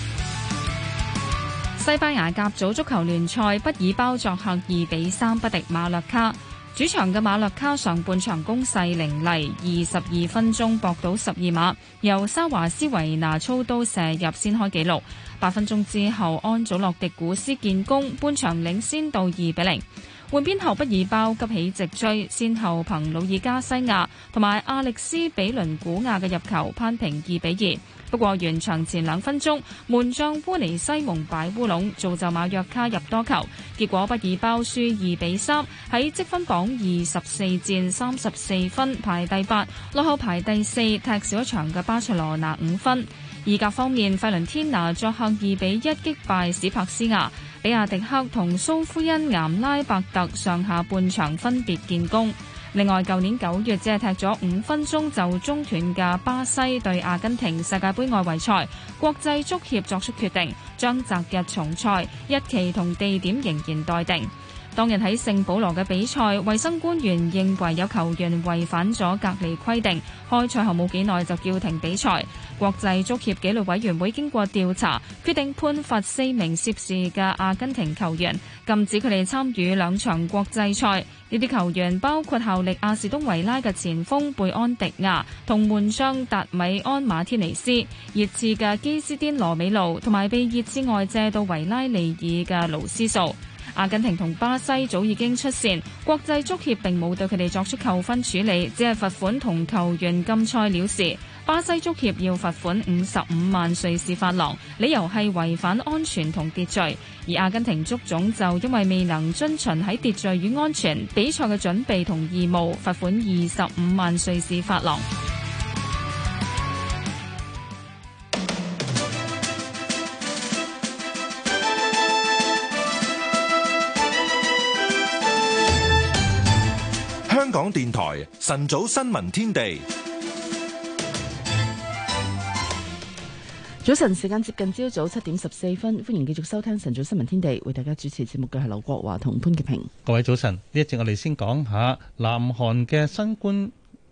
西班牙甲組
足球聯賽，畢爾包作客二比三不敵馬略卡。主場嘅馬略卡上半場攻勢凌厲，二十二分鐘搏到十二碼，由沙華斯維拿操刀射入先開紀錄。八分鐘之後，安祖洛迪古斯建功，半場領先到二比零。換邊後不，畢爾包急起直追，先後憑努爾加西亞同埋阿歷斯比倫古亞嘅入球，攀平二比二。不過完場前兩分鐘，門將烏尼西蒙擺烏龍，造就馬約卡入多球，結果畢爾包輸二比三，喺積分榜二十四戰三十四分排第八，落後排第四踢少一場嘅巴塞羅那五分。意甲方面，費倫天拿作客二比一擊敗史柏斯亞，比亞迪克同蘇夫恩岩拉伯特上下半場分別建功。另外，舊年九月只係踢咗五分鐘就中斷嘅巴西對阿根廷世界盃外圍賽，國際足協作出決定，將擇日重賽，日期同地點仍然待定。當日喺聖保羅嘅比賽，衞生官員認為有球員違反咗隔離規定，開賽後冇幾耐就叫停比賽。國際足協紀律委員會經過調查，決定判罰四名涉事嘅阿根廷球員，禁止佢哋參與兩場國際賽。呢啲球員包括效力阿士東維拉嘅前鋒貝安迪亞，同門將達米安馬天尼斯，熱刺嘅基斯丁羅美路，同埋被熱刺外借到維拉利爾嘅盧斯素。阿根廷同巴西早已經出線，國際足協並冇對佢哋作出扣分處理，只係罰款同球員禁賽了事。巴西足協要罰款五十五萬瑞士法郎，理由係違反安全同秩序；而阿根廷足總就因為未能遵循喺秩序與安全比賽嘅準備同義務，罰款二十五萬瑞士法郎。
香港電台晨早新聞天地，
早晨時間接近朝早七點十四分，歡迎繼續收聽晨早新聞天地，為大家主持節目嘅係劉國華同潘潔平。
各位早晨，呢一節我哋先講下南韓嘅新冠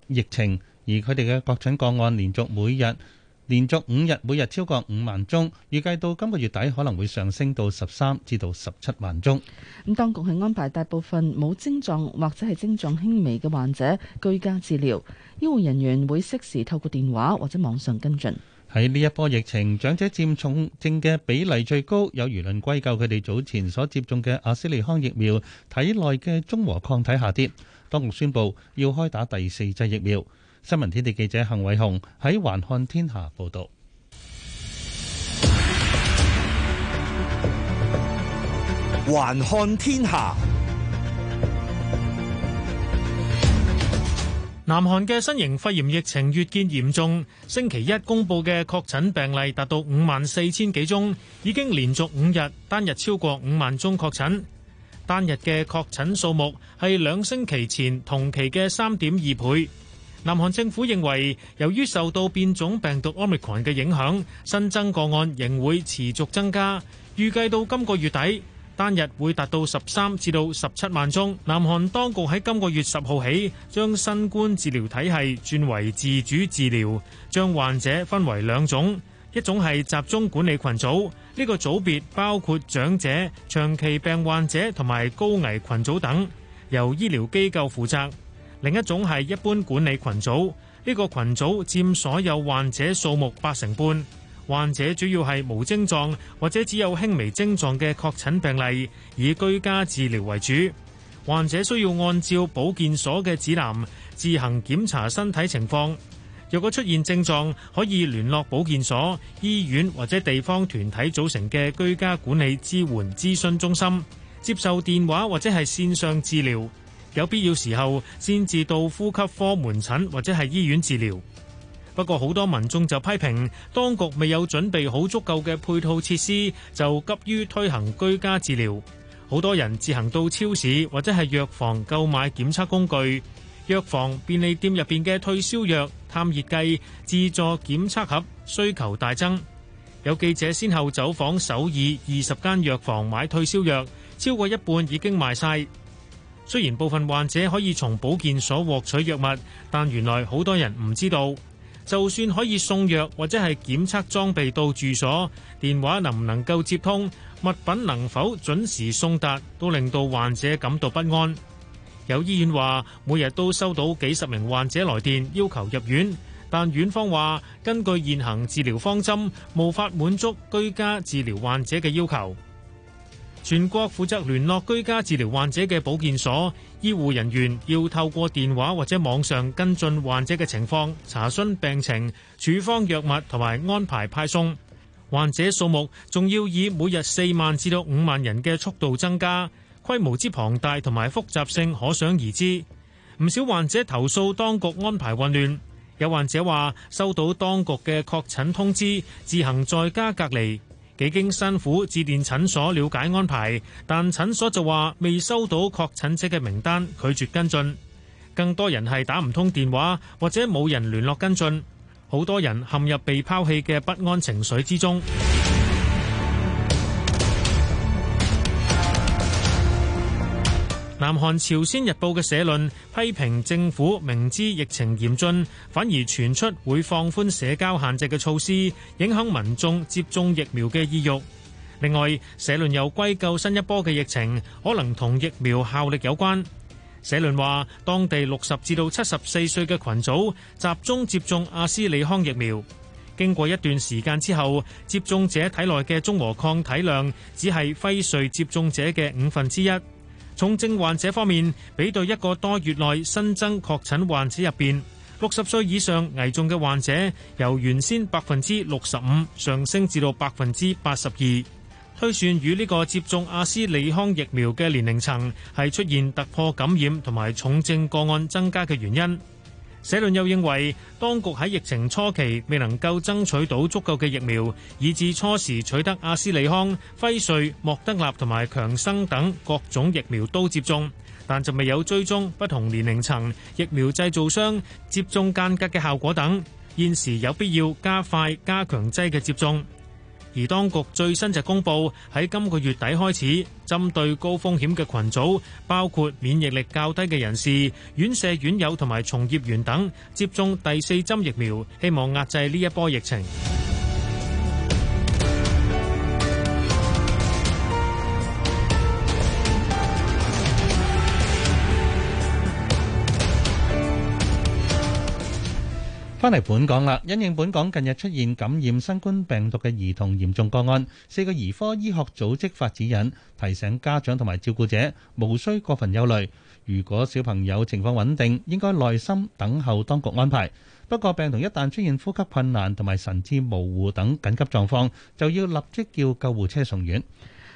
疫情，而佢哋嘅確診個案連續每日。連續五日，每日超過五萬宗，預計到今個月底可能會上升到十三至到十七萬宗。
咁，當局係安排大部分冇症狀或者係症狀輕微嘅患者居家治療，醫護人員會適時透過電話或者網上跟進。
喺呢一波疫情，長者佔重症嘅比例最高，有輿論歸咎佢哋早前所接種嘅阿斯利康疫苗體內嘅中和抗體下跌。當局宣布要開打第四劑疫苗。新聞天地記者幸偉雄喺《環看天下》報道，
《環看天下》。
南韓嘅新型肺炎疫情越見嚴重，星期一公布嘅確診病例達到五萬四千幾宗，已經連續五日單日超過五萬宗確診，單日嘅確診數目係兩星期前同期嘅三點二倍。南韓政府認為，由於受到變種病毒 Omicron 嘅影響，新增個案仍會持續增加，預計到今個月底，單日會達到十三至到十七萬宗。南韓當局喺今個月十號起，將新冠治療體系轉為自主治療，將患者分為兩種，一種係集中管理群組，呢個組別包括長者、長期病患者同埋高危群組等，由醫療機構負責。另一種係一般管理群組，呢個群組佔所有患者數目八成半，患者主要係無症狀或者只有輕微症狀嘅確診病例，以居家治療為主。患者需要按照保健所嘅指南自行檢查身體情況，若果出現症狀，可以聯絡保健所、醫院或者地方團體組成嘅居家管理支援諮詢中心，接受電話或者係線上治療。有必要時候先至到呼吸科門診或者係醫院治療。不過好多民眾就批評當局未有準備好足夠嘅配套設施，就急於推行居家治療，好多人自行到超市或者係藥房購買檢測工具，藥房、便利店入邊嘅退燒藥探熱計自助檢測盒需求大增。有記者先後走訪首爾二十間藥房買退燒藥，超過一半已經賣晒。雖然部分患者可以從保健所獲取藥物，但原來好多人唔知道。就算可以送藥或者係檢測裝備到住所，電話能唔能夠接通，物品能否準時送達，都令到患者感到不安。有醫院話，每日都收到幾十名患者來電要求入院，但院方話根據現行治療方針，無法滿足居家治療患者嘅要求。全國負責聯絡居家治療患者嘅保健所。醫護人員要透過電話或者網上跟進患者嘅情況，查詢病情、處方藥物同埋安排派送。患者數目仲要以每日四萬至到五萬人嘅速度增加，規模之龐大同埋複雜性可想而知。唔少患者投訴當局安排混亂，有患者話收到當局嘅確診通知，自行在家隔離。幾經辛苦致電診所了解安排，但診所就話未收到確診者嘅名單，拒絕跟進。更多人係打唔通電話，或者冇人聯絡跟進，好多人陷入被拋棄嘅不安情緒之中。南韓朝鮮日報嘅社論批評政府明知疫情嚴峻，反而傳出會放寬社交限制嘅措施，影響民眾接種疫苗嘅意欲。另外，社論又歸咎新一波嘅疫情可能同疫苗效力有關。社論話，當地六十至到七十四歲嘅群組集中接種阿斯利康疫苗，經過一段時間之後，接種者體內嘅中和抗體量只係輝瑞接種者嘅五分之一。重症患者方面，比對一個多月內新增確診患者入邊，六十歲以上危重嘅患者由原先百分之六十五上升至到百分之八十二，推算與呢個接種阿斯利康疫苗嘅年齡層，係出現突破感染同埋重症個案增加嘅原因。社論又認為，當局喺疫情初期未能夠爭取到足夠嘅疫苗，以致初時取得阿斯利康、輝瑞、莫德納同埋強生等各種疫苗都接種，但就未有追蹤不同年齡層、疫苗製造商接種間隔嘅效果等。現時有必要加快加強劑嘅接種。而當局最新就公布，喺今個月底開始，針對高風險嘅群組，包括免疫力較低嘅人士、院舍院友同埋從業員等，接種第四針疫苗，希望壓制呢一波疫情。
返嚟本港啦，因應本港近日出現感染新冠病毒嘅兒童嚴重個案，四個兒科醫學組織發指引提醒家長同埋照顧者，無需過分憂慮。如果小朋友情況穩定，應該耐心等候當局安排。不過，病童一旦出現呼吸困難同埋神志模糊等緊急狀況，就要立即叫救護車送院。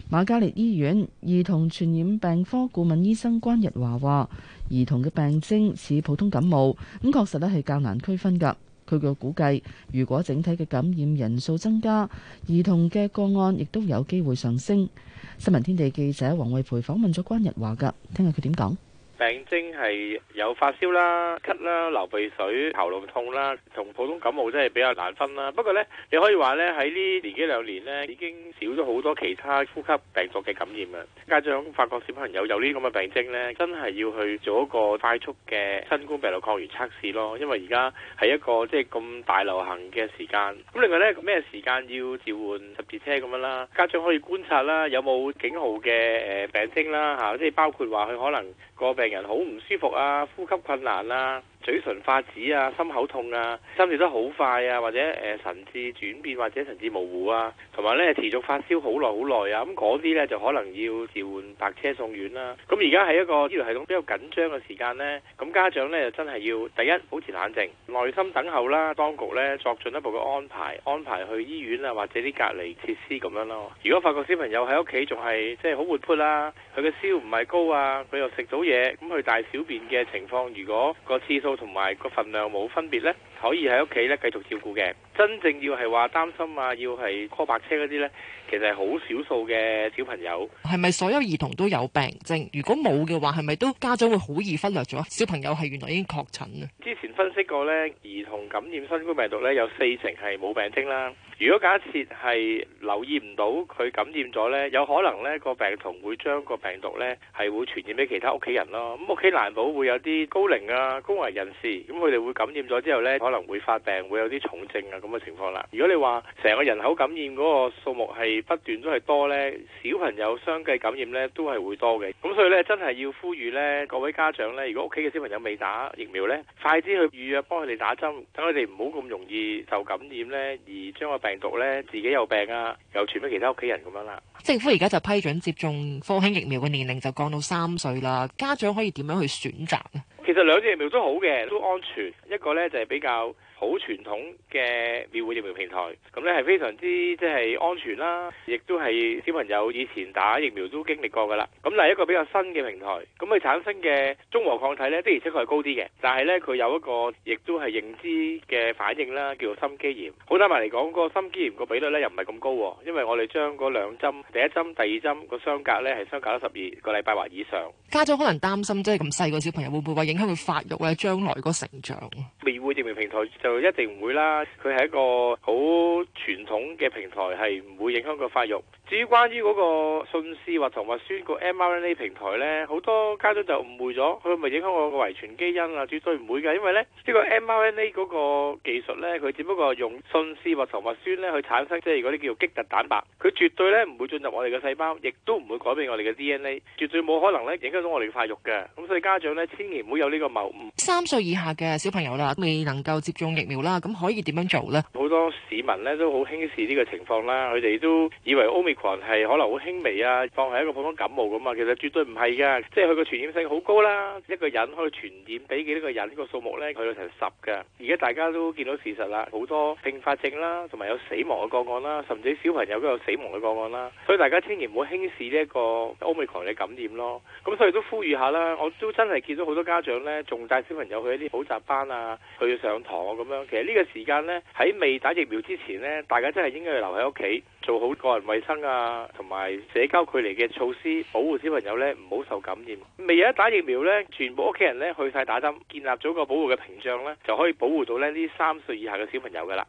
瑪嘉烈醫院兒童傳染病科顧問醫生關日華話。兒童嘅病徵似普通感冒，咁確實咧係較難區分㗎。佢嘅估計，如果整體嘅感染人數增加，兒童嘅個案亦都有機會上升。新聞天地記者黃惠培訪問咗關日華㗎，聽下佢點講。
病徵係有發燒啦、咳啦、流鼻水、喉嚨痛啦，同普通感冒真係比較難分啦。不過呢，你可以話呢，喺呢年幾兩年呢，已經少咗好多其他呼吸病毒嘅感染喇。家長發覺小朋友有呢咁嘅病徵呢，真係要去做一個快速嘅新冠病毒抗原測試咯，因為而家係一個即係咁大流行嘅時間。咁另外呢，咩時間要召喚十字車咁樣啦？家長可以觀察啦，有冇警號嘅誒病徵啦嚇，即係包括話佢可能個病。令人好唔舒服啊，呼吸困難啊。嘴唇發紫啊、心口痛啊、心跳得好快啊，或者誒、呃、神志轉變或者神志模糊啊，同埋咧持續發燒好耐好耐啊，咁嗰啲咧就可能要召喚白車送院啦、啊。咁而家係一個醫療系統比較緊張嘅時間呢，咁、嗯、家長咧就真係要第一保持冷靜，耐心等候啦，當局咧作進一步嘅安排，安排去醫院啊或者啲隔離設施咁樣咯、啊。如果發覺小朋友喺屋企仲係即係好活潑啦、啊，佢嘅燒唔係高啊，佢又食到嘢，咁佢大小便嘅情況如果個次數，同埋個份量冇分別呢，可以喺屋企呢繼續照顧嘅。真正要係話擔心啊，要係 call 白車嗰啲呢，其實係好少數嘅小朋友。
係咪所有兒童都有病徵？如果冇嘅話，係咪都家長會好易忽略咗？小朋友係原來已經確診
啊？之前分析過呢，兒童感染新冠病毒呢，有四成係冇病徵啦。如果假設係留意唔到佢感染咗呢，有可能呢個病童會將個病毒呢係會傳染俾其他屋企人咯。咁屋企難保會有啲高齡啊、高危人士，咁佢哋會感染咗之後呢，可能會發病，會有啲重症啊咁嘅情況啦。如果你話成個人口感染嗰個數目係不斷都係多呢，小朋友相繼感染呢都係會多嘅。咁所以呢，真係要呼籲呢各位家長呢，如果屋企嘅小朋友未打疫苗呢，快啲去預約幫佢哋打針，等佢哋唔好咁容易受感染呢，而將個病。病毒咧自己有病啊，又傳俾其他屋企人咁樣啦。
政府而家就批准接種科興疫苗嘅年齡就降到三歲啦。家長可以點樣去選擇咧？
其實兩隻疫苗都好嘅，都安全。一個咧就係比較好傳統嘅滅活疫苗平台，咁咧係非常之即係安全啦，亦都係小朋友以前打疫苗都經歷過噶啦。咁嚟一個比較新嘅平台，咁佢產生嘅中和抗體咧，的而且確係高啲嘅，但係咧佢有一個亦都係認知嘅反應啦，叫做心肌炎。好坦白嚟講，個心肌炎個比率咧又唔係咁高喎，因為我哋將嗰兩針，第一針、第二針個相隔咧係相隔咗十二個禮拜或以上。
家長可能擔心，即係咁細個小朋友會唔會話影響佢發育或者，將來個成長，
滅活疫苗平台就。就一定唔會啦，佢係一個好傳統嘅平台，係唔會影響個發育。至於關於嗰個信使核糖核酸個 mRNA 平台咧，好多家長就誤會咗，佢咪影響我個遺傳基因啊？絕對唔會嘅，因為咧呢，呢個 mRNA 嗰個技術咧，佢只不過用信使核糖核酸咧去產生，即係嗰啲叫做棘突蛋白，佢絕對咧唔會進入我哋嘅細胞，亦都唔會改變我哋嘅 DNA，絕對冇可能咧影響到我哋嘅發育嘅。咁所以家長咧，千祈唔好有呢個謬誤。
三歲以下嘅小朋友啦，未能夠接種嘅。疫苗啦，咁、嗯、可以點樣做呢？
好多市民咧都好輕視呢個情況啦，佢哋都以為 Omicron 係可能好輕微啊，放係一個普通感冒咁啊，其實絕對唔係噶，即係佢個傳染性好高啦，一個人可以傳染俾幾多個人？呢個數目咧，去到成十噶。而家大家都見到事實啦，好多併發症啦，同埋有死亡嘅個案啦，甚至小朋友都有死亡嘅個案啦，所以大家千祈唔好輕視呢一個 Omicron 嘅感染咯。咁所以都呼籲下啦，我都真係見到好多家長呢，仲帶小朋友去一啲補習班啊，去上堂咁樣，其實呢個時間呢，喺未打疫苗之前呢，大家真係應該要留喺屋企，做好個人衞生啊，同埋社交距離嘅措施，保護小朋友呢唔好受感染。未有得打疫苗呢，全部屋企人呢去晒打針，建立咗個保護嘅屏障呢，就可以保護到呢啲三歲以下嘅小朋友㗎啦。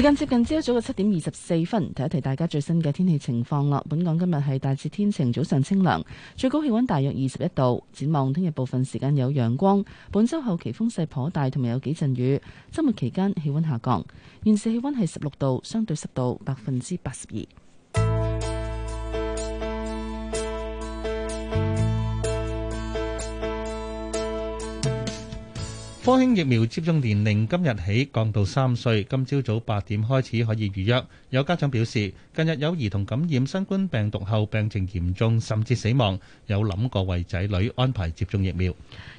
時間接近朝早嘅七點二十四分，提一提大家最新嘅天氣情況啦。本港今日係大致天晴，早上清涼，最高氣溫大約二十一度。展望聽日部分時間有陽光，本周後期風勢頗大，同埋有幾陣雨。周末期間氣溫下降，現時氣溫係十六度，相對濕度百分之八十二。
科興疫苗接種年齡今日起降到三歲，今朝早八點開始可以預約。有家長表示，近日有兒童感染新冠病毒後病情嚴重，甚至死亡，有諗過為仔女安排接種疫苗。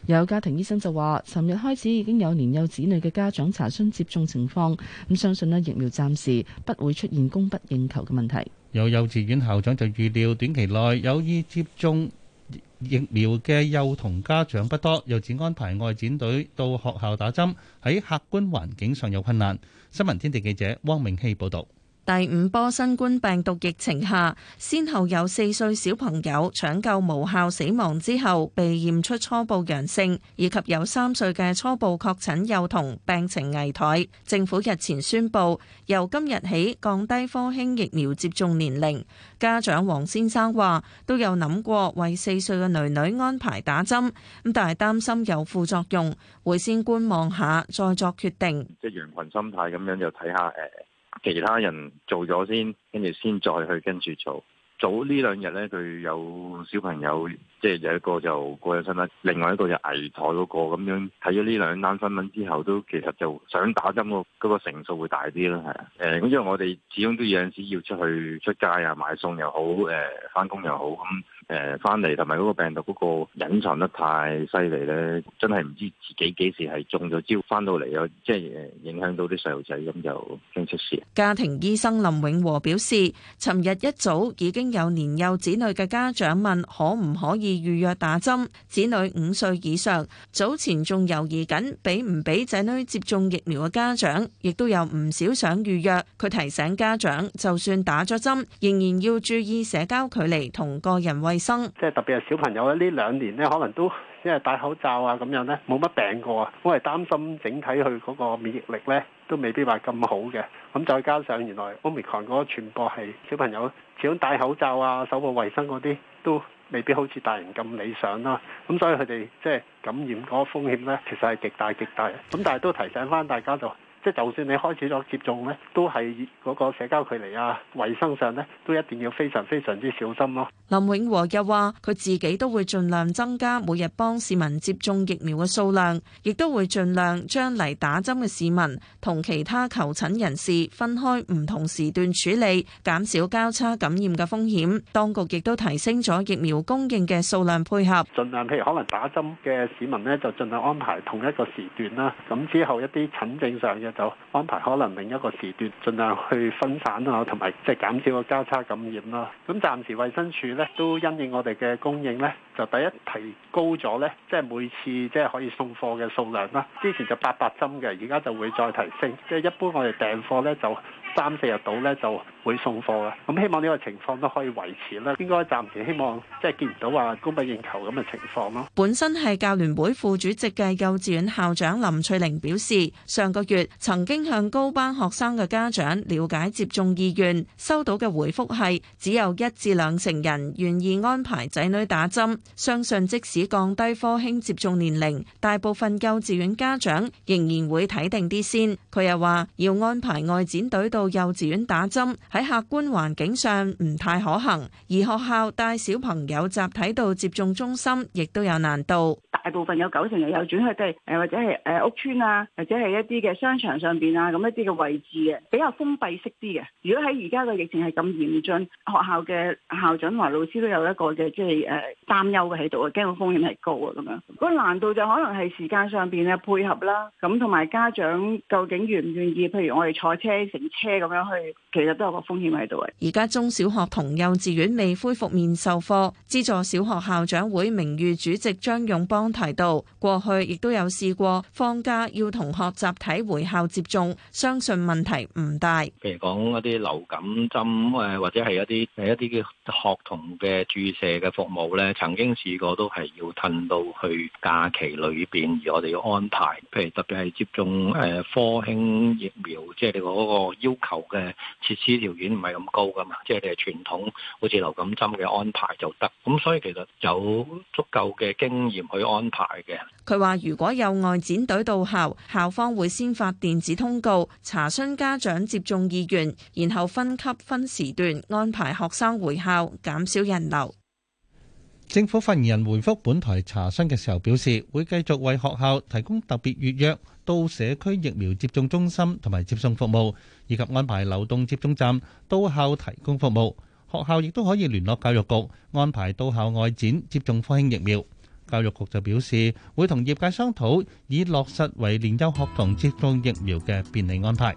有家庭醫生就話，尋日開始已經有年幼子女嘅家長查詢接種情況，咁相信呢疫苗暫時不會出現供不應求嘅問題。
有幼稚園校長就預料，短期內有意接種疫苗嘅幼童家長不多，又只安排外展隊到學校打針，喺客觀環境上有困難。新聞天地記者汪明希報道。
第五波新冠病毒疫情下，先後有四歲小朋友搶救無效死亡之後，被驗出初步陽性，以及有三歲嘅初步確診幼童病情危殆。政府日前宣布，由今日起降低科興疫苗接種年齡。家長黃先生話都有諗過為四歲嘅女女安排打針，咁但係擔心有副作用，會先觀望下再作決定。
即係羊群心態咁樣就，
又睇下誒。其他人做咗先，跟住先再去跟住做。早呢兩日呢，佢有小朋友，即係有一個就過咗身啦，另外一個就危殆嗰個咁樣。睇咗呢兩單新聞之後，都其實就想打針個嗰個成數會大啲啦，係啊。咁，因為我哋始終都有陣時要出去出街啊，買餸又好，誒翻工又好咁。誒翻嚟同埋嗰個病毒嗰個隱藏得太犀利咧，真係唔知自己幾時係中咗招，翻到嚟啊。即係影響到啲細路仔，咁就驚出事。
家庭醫生林永和表示，尋日一早已經有年幼子女嘅家長問可唔可以預約打針，子女五歲以上。早前仲猶豫緊，俾唔俾仔女接種疫苗嘅家長，亦都有唔少想預約。佢提醒家長，就算打咗針，仍然要注意社交
距離同個人衞生即係特別係小朋友咧，呢兩年咧可能都因為戴口罩啊咁樣咧，冇乜病過啊，我係擔心整體佢嗰個免疫力咧都未必話咁好嘅。咁再加上原來 Omicron 嗰個傳播係小朋友，始終戴口罩啊、手部衛生嗰啲都未必好似大人咁理想啦。咁所以佢哋即係感染嗰個風險咧，其實係極大極大。咁但係都提醒翻大家就。即就，就算你開始咗接種咧，都係嗰個社交距離啊、衞生上呢，都一定要非常非常之小心咯。
林永和又話：佢自己都會盡量增加每日幫市民接種疫苗嘅數量，亦都會盡量將嚟打針嘅市民同其他求診人士分開唔同時段處理，減少交叉感染嘅風險。當局亦都提升咗疫苗供應嘅數量配合，
盡量譬如可能打針嘅市民呢，就盡量安排同一個時段啦。咁之後一啲診症上嘅。就安排可能另一個時段，盡量去分散啊，同埋即係減少個交叉感染啦、啊。咁暫時衞生署咧都因應我哋嘅供應咧，就第一提高咗咧，即係每次即係可以送貨嘅數量啦。之前就八百針嘅，而家就會再提升。即係一般我哋訂貨咧，就三四日到咧就。會送貨嘅，咁希望呢個情況都可以維持啦。應該暫時希望即係見唔到話供不應求咁嘅情況咯。
本身係教聯會副主席嘅幼稚園校長林翠玲表示，上個月曾經向高班學生嘅家長了解接種意願，收到嘅回覆係只有一至兩成人願意安排仔女打針，相信即使降低科興接種年齡，大部分幼稚園家長仍然會睇定啲先。佢又話要安排外展隊到幼稚園打針。喺客觀環境上唔太可行，而學校帶小朋友集體到接種中心亦都有難度。大部分有九成又轉去即係誒或者係誒屋村啊，或者係一啲嘅商場上邊啊，咁一啲嘅位
置嘅，比較封閉式啲嘅。如果喺而家個疫情係咁嚴峻，學校嘅校長同埋老師都有一個嘅即係誒擔憂嘅喺度啊，驚個風險係高啊咁樣。個難度就可能係時間上邊嘅配合啦，咁同埋家長究竟願唔願意？譬如我哋坐
車、乘車咁樣去，其實都有個。風。
而家中小學同幼稚園未恢復面授課，資助小學校長會名譽主席張勇邦提到，過去亦都有試過放假要同學集體回校接種，相信問題唔大。譬如
講一啲流感針，或者係一啲係一啲嘅。學童嘅注射嘅服務咧，曾經試過都係要褪到去假期裏邊，而我哋要安排，譬如特別係接種誒科興疫苗，即係你嗰個要求嘅設施條件唔係咁高㗎嘛，即係你係傳統好似流感針嘅安排就得，咁所以其實有足夠嘅經驗去安排嘅。
佢話：如果有外展隊到校，校方會先發電子通告查詢家長接種意願，然後分級分時段安排學生回校，減少人流。
政府發言人回復本台查詢嘅時候表示，會繼續為學校提供特別預約到社區疫苗接種中心同埋接送服務，以及安排流動接種站到校提供服務。學校亦都可以聯絡教育局安排到校外展接種科興疫苗。教育局就表示，會同業界商討以落實為年幼學童接種疫苗嘅便利安排。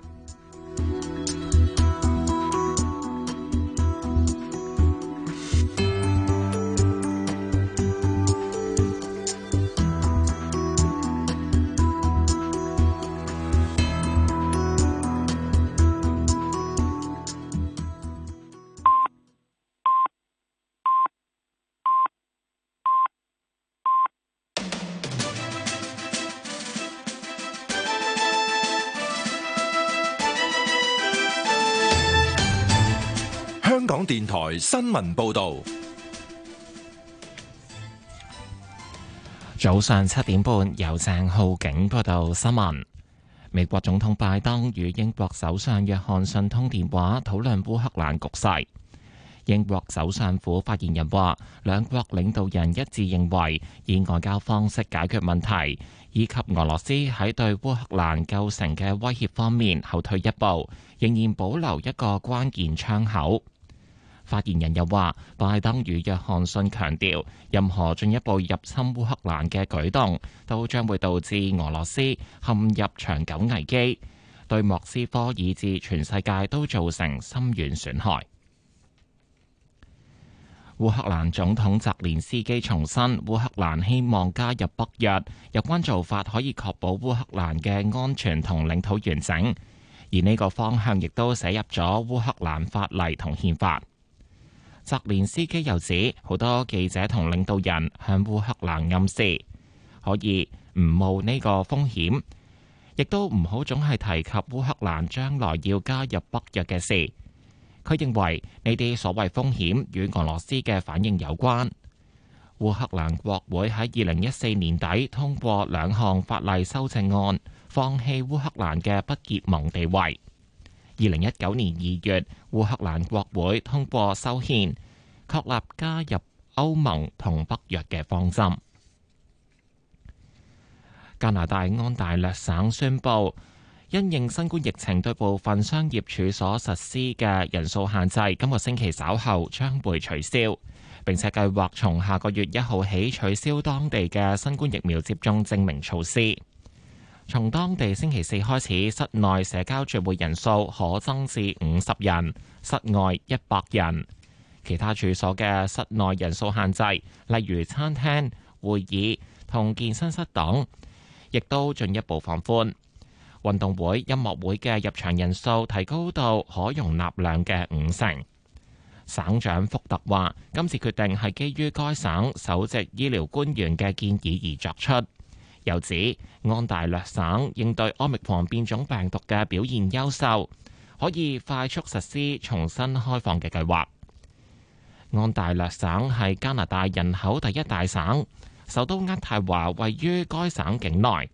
電台新聞報道，
早上七點半由鄭浩景報道新聞。美國總統拜登與英國首相約翰遜通電話，討論烏克蘭局勢。英國首相府發言人話，兩國領導人一致認為以外交方式解決問題，以及俄羅斯喺對烏克蘭構成嘅威脅方面後退一步，仍然保留一個關鍵窗口。發言人又話，拜登與約翰遜強調，任何進一步入侵烏克蘭嘅舉動都將會導致俄羅斯陷入長久危機，對莫斯科以至全世界都造成深遠損害。烏克蘭總統澤連斯基重申，烏克蘭希望加入北約，有關做法可以確保烏克蘭嘅安全同領土完整，而呢個方向亦都寫入咗烏克蘭法例同憲法。澤連斯基又指，好多記者同領導人向烏克蘭暗示可以唔冒呢個風險，亦都唔好總係提及烏克蘭將來要加入北約嘅事。佢認為呢啲所謂風險與俄羅斯嘅反應有關。烏克蘭國會喺二零一四年底通過兩項法例修正案，放棄烏克蘭嘅不結盟地位。二零一九年二月，烏克蘭國會通過修憲，確立加入歐盟同北約嘅方針。加拿大安大略省宣布，因應新冠疫情對部分商業處所實施嘅人數限制，今個星期稍後將會取消。並且計劃從下個月一號起取消當地嘅新冠疫苗接種證明措施。從當地星期四開始，室內社交聚會人數可增至五十人，室外一百人。其他住所嘅室內人數限制，例如餐廳、會議同健身室等，亦都進一步放寬。運動會、音樂會嘅入場人數提高到可容納量嘅五成。省長福特話，今次決定係基於該省首席醫療官員嘅建議而作出。又指安大略省應對奧密克戎變種病毒嘅表現優秀，可以快速實施重新開放嘅計劃。安大略省係加拿大人口第一大省，首都渥太華位於該省境內，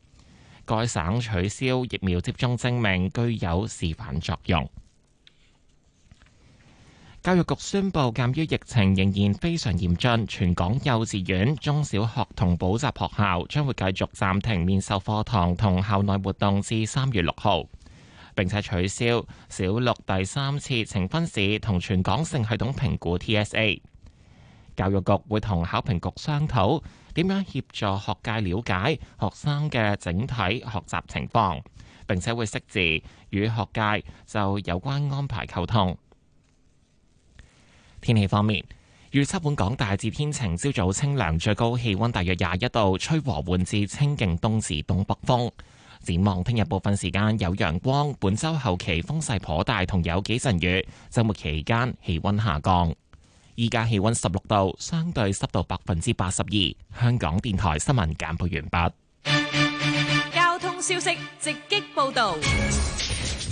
該省取消疫苗接種證明具有示範作用。教育局宣布，鑒於疫情仍然非常嚴峻，全港幼稚園中小學同補習學校將會繼續暫停面授課堂同校內活動至三月六號，並且取消小六第三次呈分試同全港性系統評估 TSA。教育局會同考評局商討點樣協助學界了解學生嘅整體學習情況，並且會適時與學界就有關安排溝通。天氣方面，預測本港大致天晴，朝早清涼，最高氣溫大約廿一度，吹和緩至清勁東至東北風。展望聽日部分時間有陽光，本周後期風勢頗大，同有幾陣雨。週末期間氣溫下降，依家氣溫十六度，相對濕度百分之八十二。香港電台新聞簡報完畢。
交通消息直擊報道。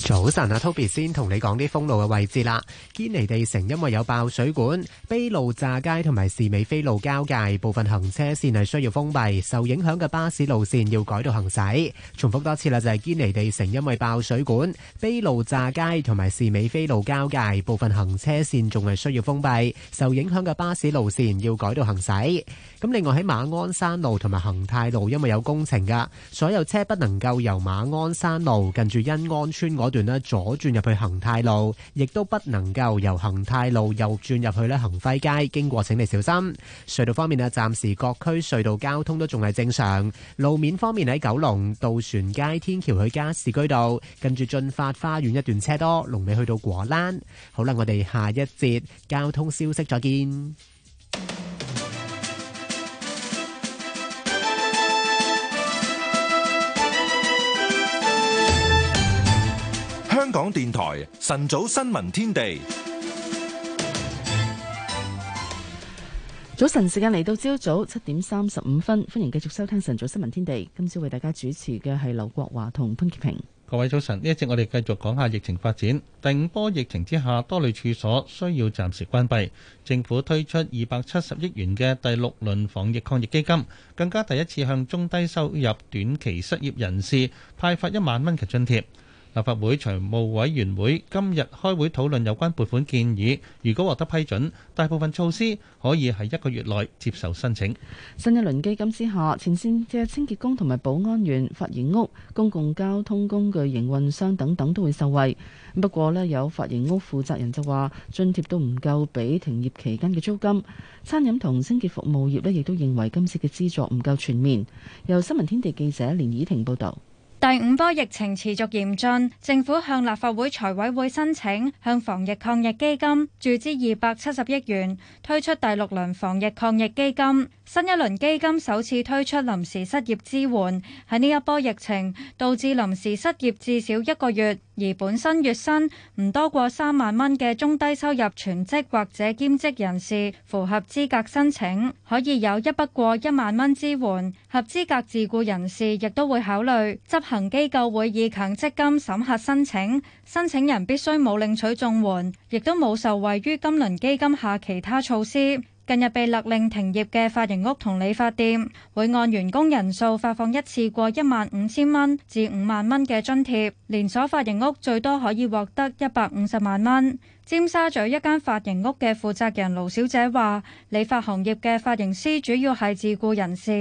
早晨啊，Toby 先同你講啲封路嘅位置啦。堅尼地城因為有爆水管，卑路乍街同埋士美菲路交界部分行車線係需要封閉，受影響嘅巴士路線要改道行駛。重複多次啦，就係堅尼地城因為爆水管，卑路乍街同埋士美菲路交界部分行車線仲係需要封閉，受影響嘅巴士路線要改道行駛。咁另外喺馬鞍山路同埋恒泰路，因為有工程噶，所有車不能夠由馬鞍山路近住欣安村嗰段咧左轉入去恒泰路，亦都不能夠由恒泰路右轉入去咧恒輝街，經過請你小心。隧道方面啊，暫時各區隧道交通都仲係正常。路面方面喺九龍渡船街天橋去加士居道，近住駿發花園一段車多，龍尾去到果欄。好啦，我哋下一節交通消息再見。
香港電台晨早新聞天地，
早晨時間嚟到朝早七點三十五分，歡迎繼續收聽晨早新聞天地。今朝為大家主持嘅係劉國華同潘潔平。
各位早晨，呢一節我哋繼續講下疫情發展。第五波疫情之下，多類處所需要暫時關閉。政府推出二百七十億元嘅第六輪防疫抗疫基金，更加第一次向中低收入短期失業人士派發一萬蚊嘅津貼。立法會財務委員會今日開會討論有關撥款建議，如果獲得批准，大部分措施可以喺一個月內接受申請。
新一輪基金之下，前線嘅清潔工同埋保安員、髮型屋、公共交通工具營運商等等都會受惠。不過呢，有髮型屋負責人就話，津貼都唔夠俾停業期間嘅租金。餐飲同清潔服務業呢，亦都認為今次嘅資助唔夠全面。由新聞天地記者連以婷報道。
第五波疫情持續嚴峻，政府向立法會財委會申請向防疫抗疫基金注資二百七十億元，推出第六輪防疫抗疫基金。新一輪基金首次推出臨時失業支援，喺呢一波疫情導致臨時失業至少一個月。而本身月薪唔多過三萬蚊嘅中低收入全職或者兼職人士符合資格申請，可以有一筆過一萬蚊支援。合資格自僱人士亦都會考慮，執行機構會以強積金審核申請。申請人必須冇領取綜援，亦都冇受惠於今輪基金下其他措施。近日被勒令停業嘅髮型屋同理髮店，會按員工人數發放一次過一萬五千蚊至五萬蚊嘅津貼。連鎖髮型屋最多可以獲得一百五十萬蚊。尖沙咀一間髮型屋嘅負責人盧小姐話，理髮行業嘅髮型師主要係自雇人士，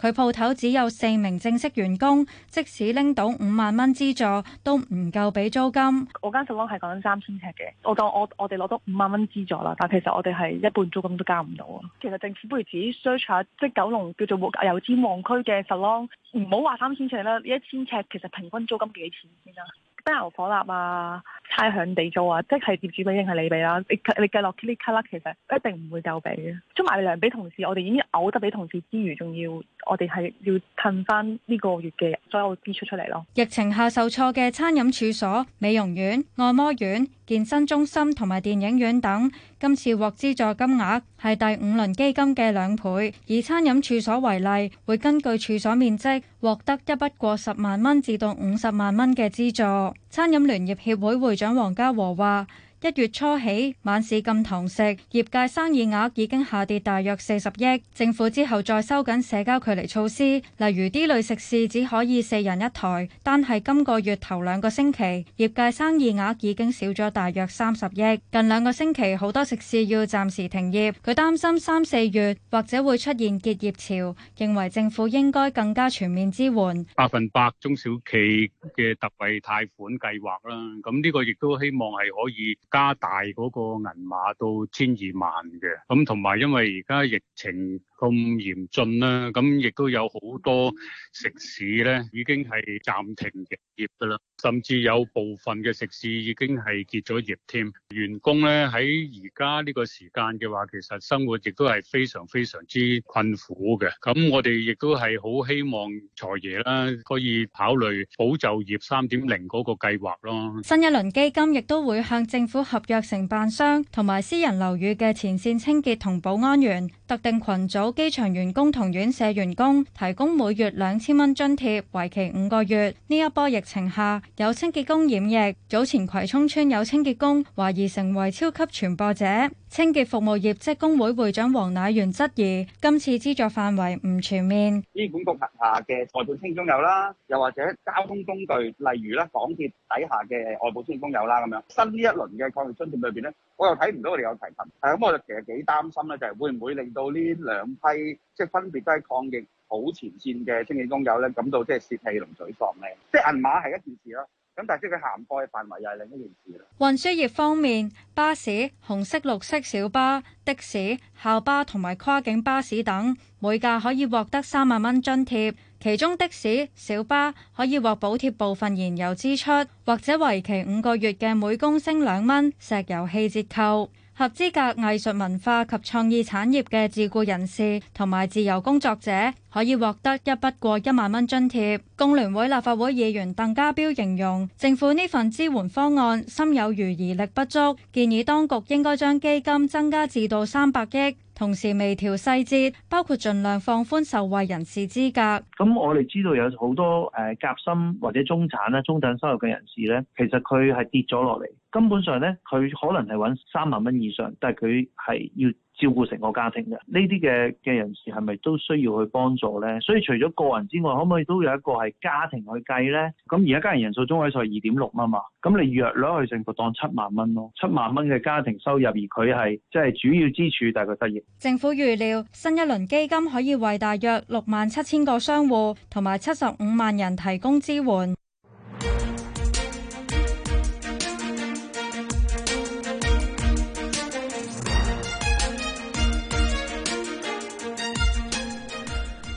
佢鋪頭只有四名正式員工，即使拎到五萬蚊資助，都唔夠俾租金。我間 salon 係講緊三千尺嘅，
我當我我哋攞到五萬蚊資助啦，但其實我哋係一半租金都交唔到啊。其實政府不如自己 search 下，即係九龍叫做油尖旺區嘅 salon，唔好話三千尺啦，一千尺其實平均租金幾錢先啦。薪油火蠟啊，差餉地租啊，即係業主俾定係你俾啦，你你計落幾厘卡啦，其實一定唔會夠俾嘅。出埋糧俾同事，我哋已經嘔得俾同事之餘，仲要我哋係要褪翻呢個月嘅所有支出出嚟咯。
疫情下受挫嘅餐飲處所、美容院、按摩院、健身中心同埋電影院等。今次獲資助金額係第五輪基金嘅兩倍，以餐飲處所為例，會根據處所面積獲得一筆過十萬蚊至到五十萬蚊嘅資助。餐飲聯業協會會長黃家和話。一月初起，晚市禁堂食，業界生意額已經下跌大約四十億。政府之後再收緊社交距離措施，例如啲類食肆只可以四人一台。但係今個月頭兩個星期，業界生意額已經少咗大約三十億。近兩個星期，好多食肆要暫時停業。佢擔心三四月或者會出現結業潮，認為政府應該更加全面支援，
百分百中小企嘅特惠貸款計劃啦。咁呢個亦都希望係可以。加大嗰個銀碼到千二萬嘅，咁同埋因為而家疫情。咁嚴峻啦，咁亦都有好多食肆咧，已經係暫停營業噶啦，甚至有部分嘅食肆已經係結咗業添。員工咧喺而家呢個時間嘅話，其實生活亦都係非常非常之困苦嘅。咁我哋亦都係好希望財爺啦，可以考慮保就業三點零嗰個計劃咯。
新一輪基金亦都會向政府合約承辦商同埋私人樓宇嘅前線清潔同保安員特定群組。機場員工同院舍員工提供每月兩千蚊津貼，為期五個月。呢一波疫情下，有清潔工染疫，早前葵涌村有清潔工懷疑成為超級傳播者。清潔服務業職工會會長黃乃源質疑，今次資助範圍唔全面。
醫管局轄下嘅外判清潔工有啦，又或者交通工具，例如咧港鐵底下嘅外判清潔工有啦，咁樣。新呢一輪嘅抗疫津貼裏邊呢，我又睇唔到我哋有提及，咁我就其實幾擔心咧，就係會唔會令到呢兩係即係分別都喺抗疫好前線嘅清潔工友咧，感到即係泄氣同沮喪咧。即係銀碼係一件事啦，咁但係即佢涵蓋嘅範圍又係另一件事
啦。運輸業方面，巴士、紅色、綠色小巴、的士、校巴同埋跨境巴士等，每架可以獲得三萬蚊津貼，其中的士、小巴可以獲補貼部分燃油支出，或者為期五個月嘅每公升兩蚊石油氣折扣。合資格藝術文化及創意產業嘅自雇人士同埋自由工作者可以獲得一筆過一萬蚊津貼。工聯會立法會議員鄧家彪形容政府呢份支援方案心有餘而力不足，建議當局應該將基金增加至到三百億。同時微調細節，包括盡量放寬受惠人士資格。
咁我哋知道有好多誒夾心或者中產啦，中等收入嘅人士咧，其實佢係跌咗落嚟，根本上咧佢可能係揾三萬蚊以上，但係佢係要，照顧成個家庭嘅呢啲嘅嘅人士係咪都需要去幫助呢？所以除咗個人之外，可唔可以都有一個係家庭去計呢？咁而家家庭人數中位數係二點六啊嘛，咁你約攞去政府當七萬蚊咯，七萬蚊嘅家庭收入，而佢係即係主要支柱，大概得益。
政府預料新一輪基金可以為大約六萬七千個商戶同埋七十五萬人提供支援。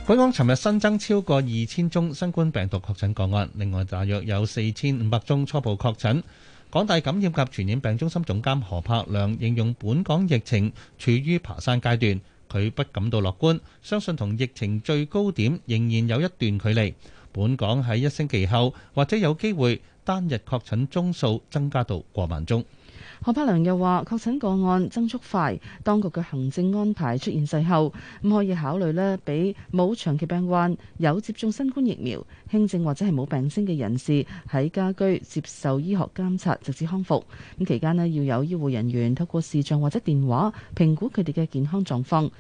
本港尋日新增超過二千宗新冠病毒確診個案，另外大約有四千五百宗初步確診。港大感染及傳染病中心總監何柏良形容本港疫情處於爬山階段，佢不感到樂觀，相信同疫情最高點仍然有一段距離。本港喺一星期後或者有機會單日確診宗數增加到過萬宗。
何柏良又話：確診個案增速快，當局嘅行政安排出現滯後，咁可以考慮呢，俾冇長期病患、有接種新冠疫苗、輕症或者係冇病徵嘅人士喺家居接受醫學監察，直至康復。咁期間呢要有醫護人員透過視像或者電話評估佢哋嘅健康狀況。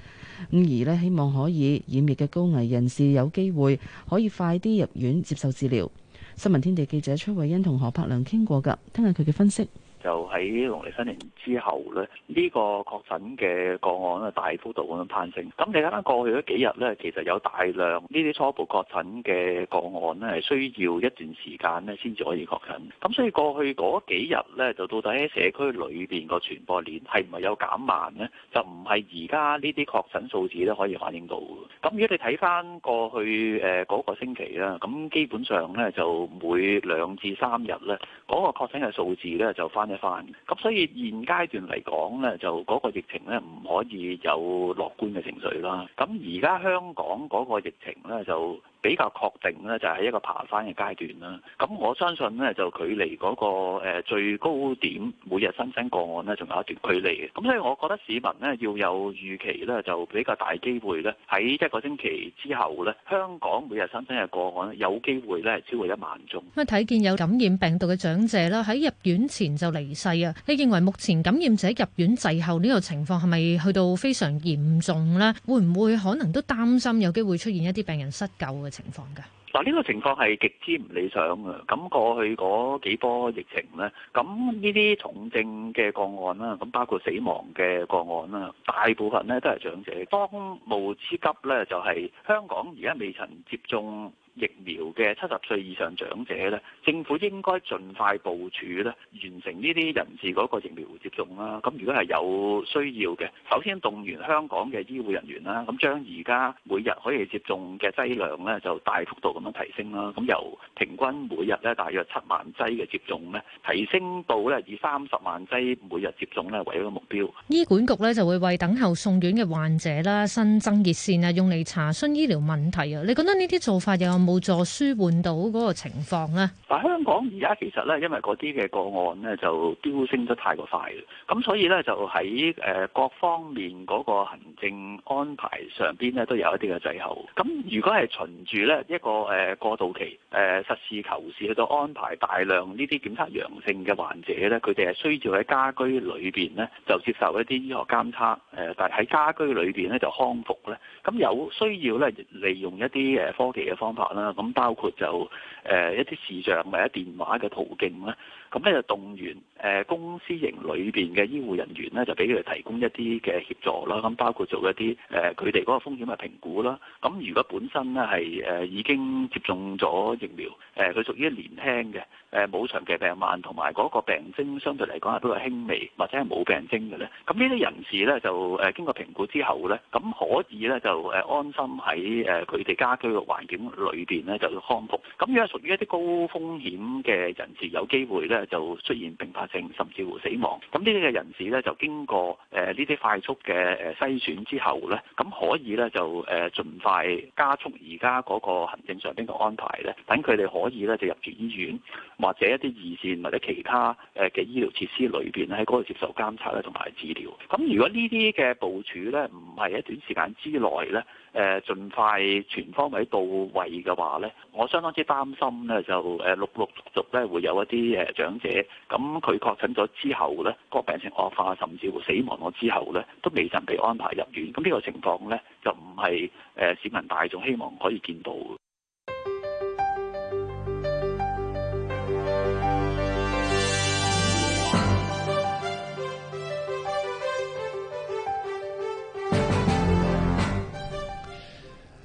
咁而呢希望可以染疫嘅高危人士有機會可以快啲入院接受治療。新聞天地記者崔慧欣同何柏良傾過㗎，聽下佢嘅分析。
就喺農曆新年之後咧，呢、這個確診嘅個案咧大幅度咁攀升。咁你睇翻過去嗰幾日咧，其實有大量呢啲初步確診嘅個案咧，係需要一段時間咧先至可以確診。咁所以過去嗰幾日咧，就到底喺社區裏邊個傳播鏈係唔係有減慢咧？就唔係而家呢啲確診數字都可以反映到嘅。咁如果你睇翻過去誒嗰個星期啦，咁基本上咧就每兩至三日咧，嗰、那個確診嘅數字咧就翻。翻，咁所以現階段嚟講咧，就嗰個疫情咧，唔可以有樂觀嘅情緒啦。咁而家香港嗰個疫情咧就。比較確定呢，就喺一個爬翻嘅階段啦。咁我相信呢，就距離嗰個誒最高點，每日新增個案呢，仲有一段距離嘅。咁所以，我覺得市民呢，要有預期呢，就比較大機會呢，喺一個星期之後呢，香港每日新增嘅個案有機會呢，係超過一萬宗。
咁啊，睇見有感染病毒嘅長者啦，喺入院前就離世啊。你認為目前感染者入院滯後呢個情況係咪去到非常嚴重呢？會唔會可能都擔心有機會出現一啲病人失救啊？情
況嗱，呢個情況係極之唔理想嘅。咁過去嗰幾波疫情呢，咁呢啲重症嘅個案啦，咁包括死亡嘅個案啦，大部分呢都係長者。當務之急呢，就係香港而家未曾接種疫苗嘅七十歲以上長者咧，政府應該盡快部署咧，完成呢啲人士嗰個疫苗接種啦。咁如果係有需要嘅，首先動員香港嘅醫護人員啦，咁將而家每日可以接種嘅劑量咧，就大幅度咁樣提升啦。咁由平均每日咧大約七萬劑嘅接種咧，提升到咧以三十萬劑每日接種咧為一個目標，
醫管局咧就會為等候送院嘅患者啦新增熱線啊，用嚟查詢醫療問題啊。你覺得呢啲做法有？冇助舒緩到嗰個情況咧？
但香港而家其實咧，因為嗰啲嘅個案咧就飆升得太過快，咁所以咧就喺誒各方面嗰個行政安排上邊咧都有一啲嘅滯後。咁如果係循住咧一個誒過渡期誒實事求是去到安排大量呢啲檢測陽性嘅患者咧，佢哋係需要喺家居裏邊咧就接受一啲醫學監測誒，但係喺家居裏邊咧就康復咧。咁有需要咧利用一啲誒科技嘅方法。啦，咁包括就誒一啲視像或者電話嘅途徑咧。咁咧就動員誒公私營裏邊嘅醫護人員咧，就俾佢哋提供一啲嘅協助啦。咁包括做一啲誒佢哋嗰個風險嘅評估啦。咁如果本身咧係誒已經接種咗疫苗，誒佢屬於年輕嘅，誒冇長期病患，同埋嗰個病徵相對嚟講係比較輕微，或者係冇病徵嘅咧，咁呢啲人士咧就誒經過評估之後咧，咁可以咧就誒安心喺誒佢哋家居嘅環境裏邊咧就要康復。咁如果屬於一啲高風險嘅人士，有機會咧，就出現併發症，甚至乎死亡。咁呢啲嘅人士咧，就經過誒呢啲快速嘅誒篩選之後咧，咁可以咧就誒盡快加速而家嗰個行政上邊嘅安排咧，等佢哋可以咧就入住醫院或者一啲二線或者其他誒嘅醫療設施裏邊咧，喺嗰度接受監測咧同埋治療。咁如果呢啲嘅部署咧，唔係一短時間之內咧。誒盡快全方位到位嘅話咧，我相當之擔心咧，就誒陸陸續續咧會有一啲誒長者，咁佢確診咗之後咧，個病情惡化，甚至乎死亡咗之後咧，都未曾被安排入院，咁呢個情況咧，就唔係誒市民大眾希望可以見到。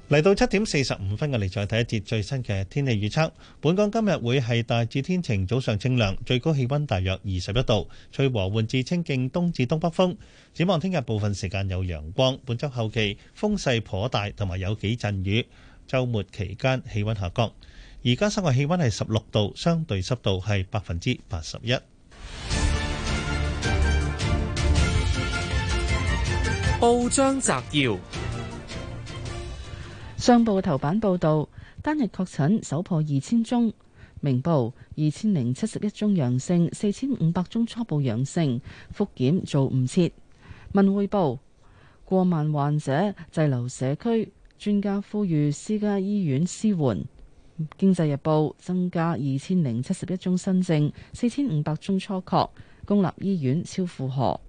嚟到七點四十五分我哋，再睇一節最新嘅天氣預測。本港今日會係大致天晴，早上清涼，最高氣溫大約二十一度，吹和緩至清勁東至東北風。展望聽日部分時間有陽光，本周後期風勢頗大，同埋有幾陣雨。周末期間氣溫下降。而家室外氣溫係十六度，相對濕度係百分之八十一。
報章摘
要。
上報嘅頭版報導，單日確診首破二千宗。明報，二千零七十一宗陽性，四千五百宗初步陽性，復檢做唔切。文匯報，過萬患者滯留社區，專家呼籲私家醫院施援。經濟日報，增加二千零七十一宗新症，四千五百宗初確，公立醫院超負荷。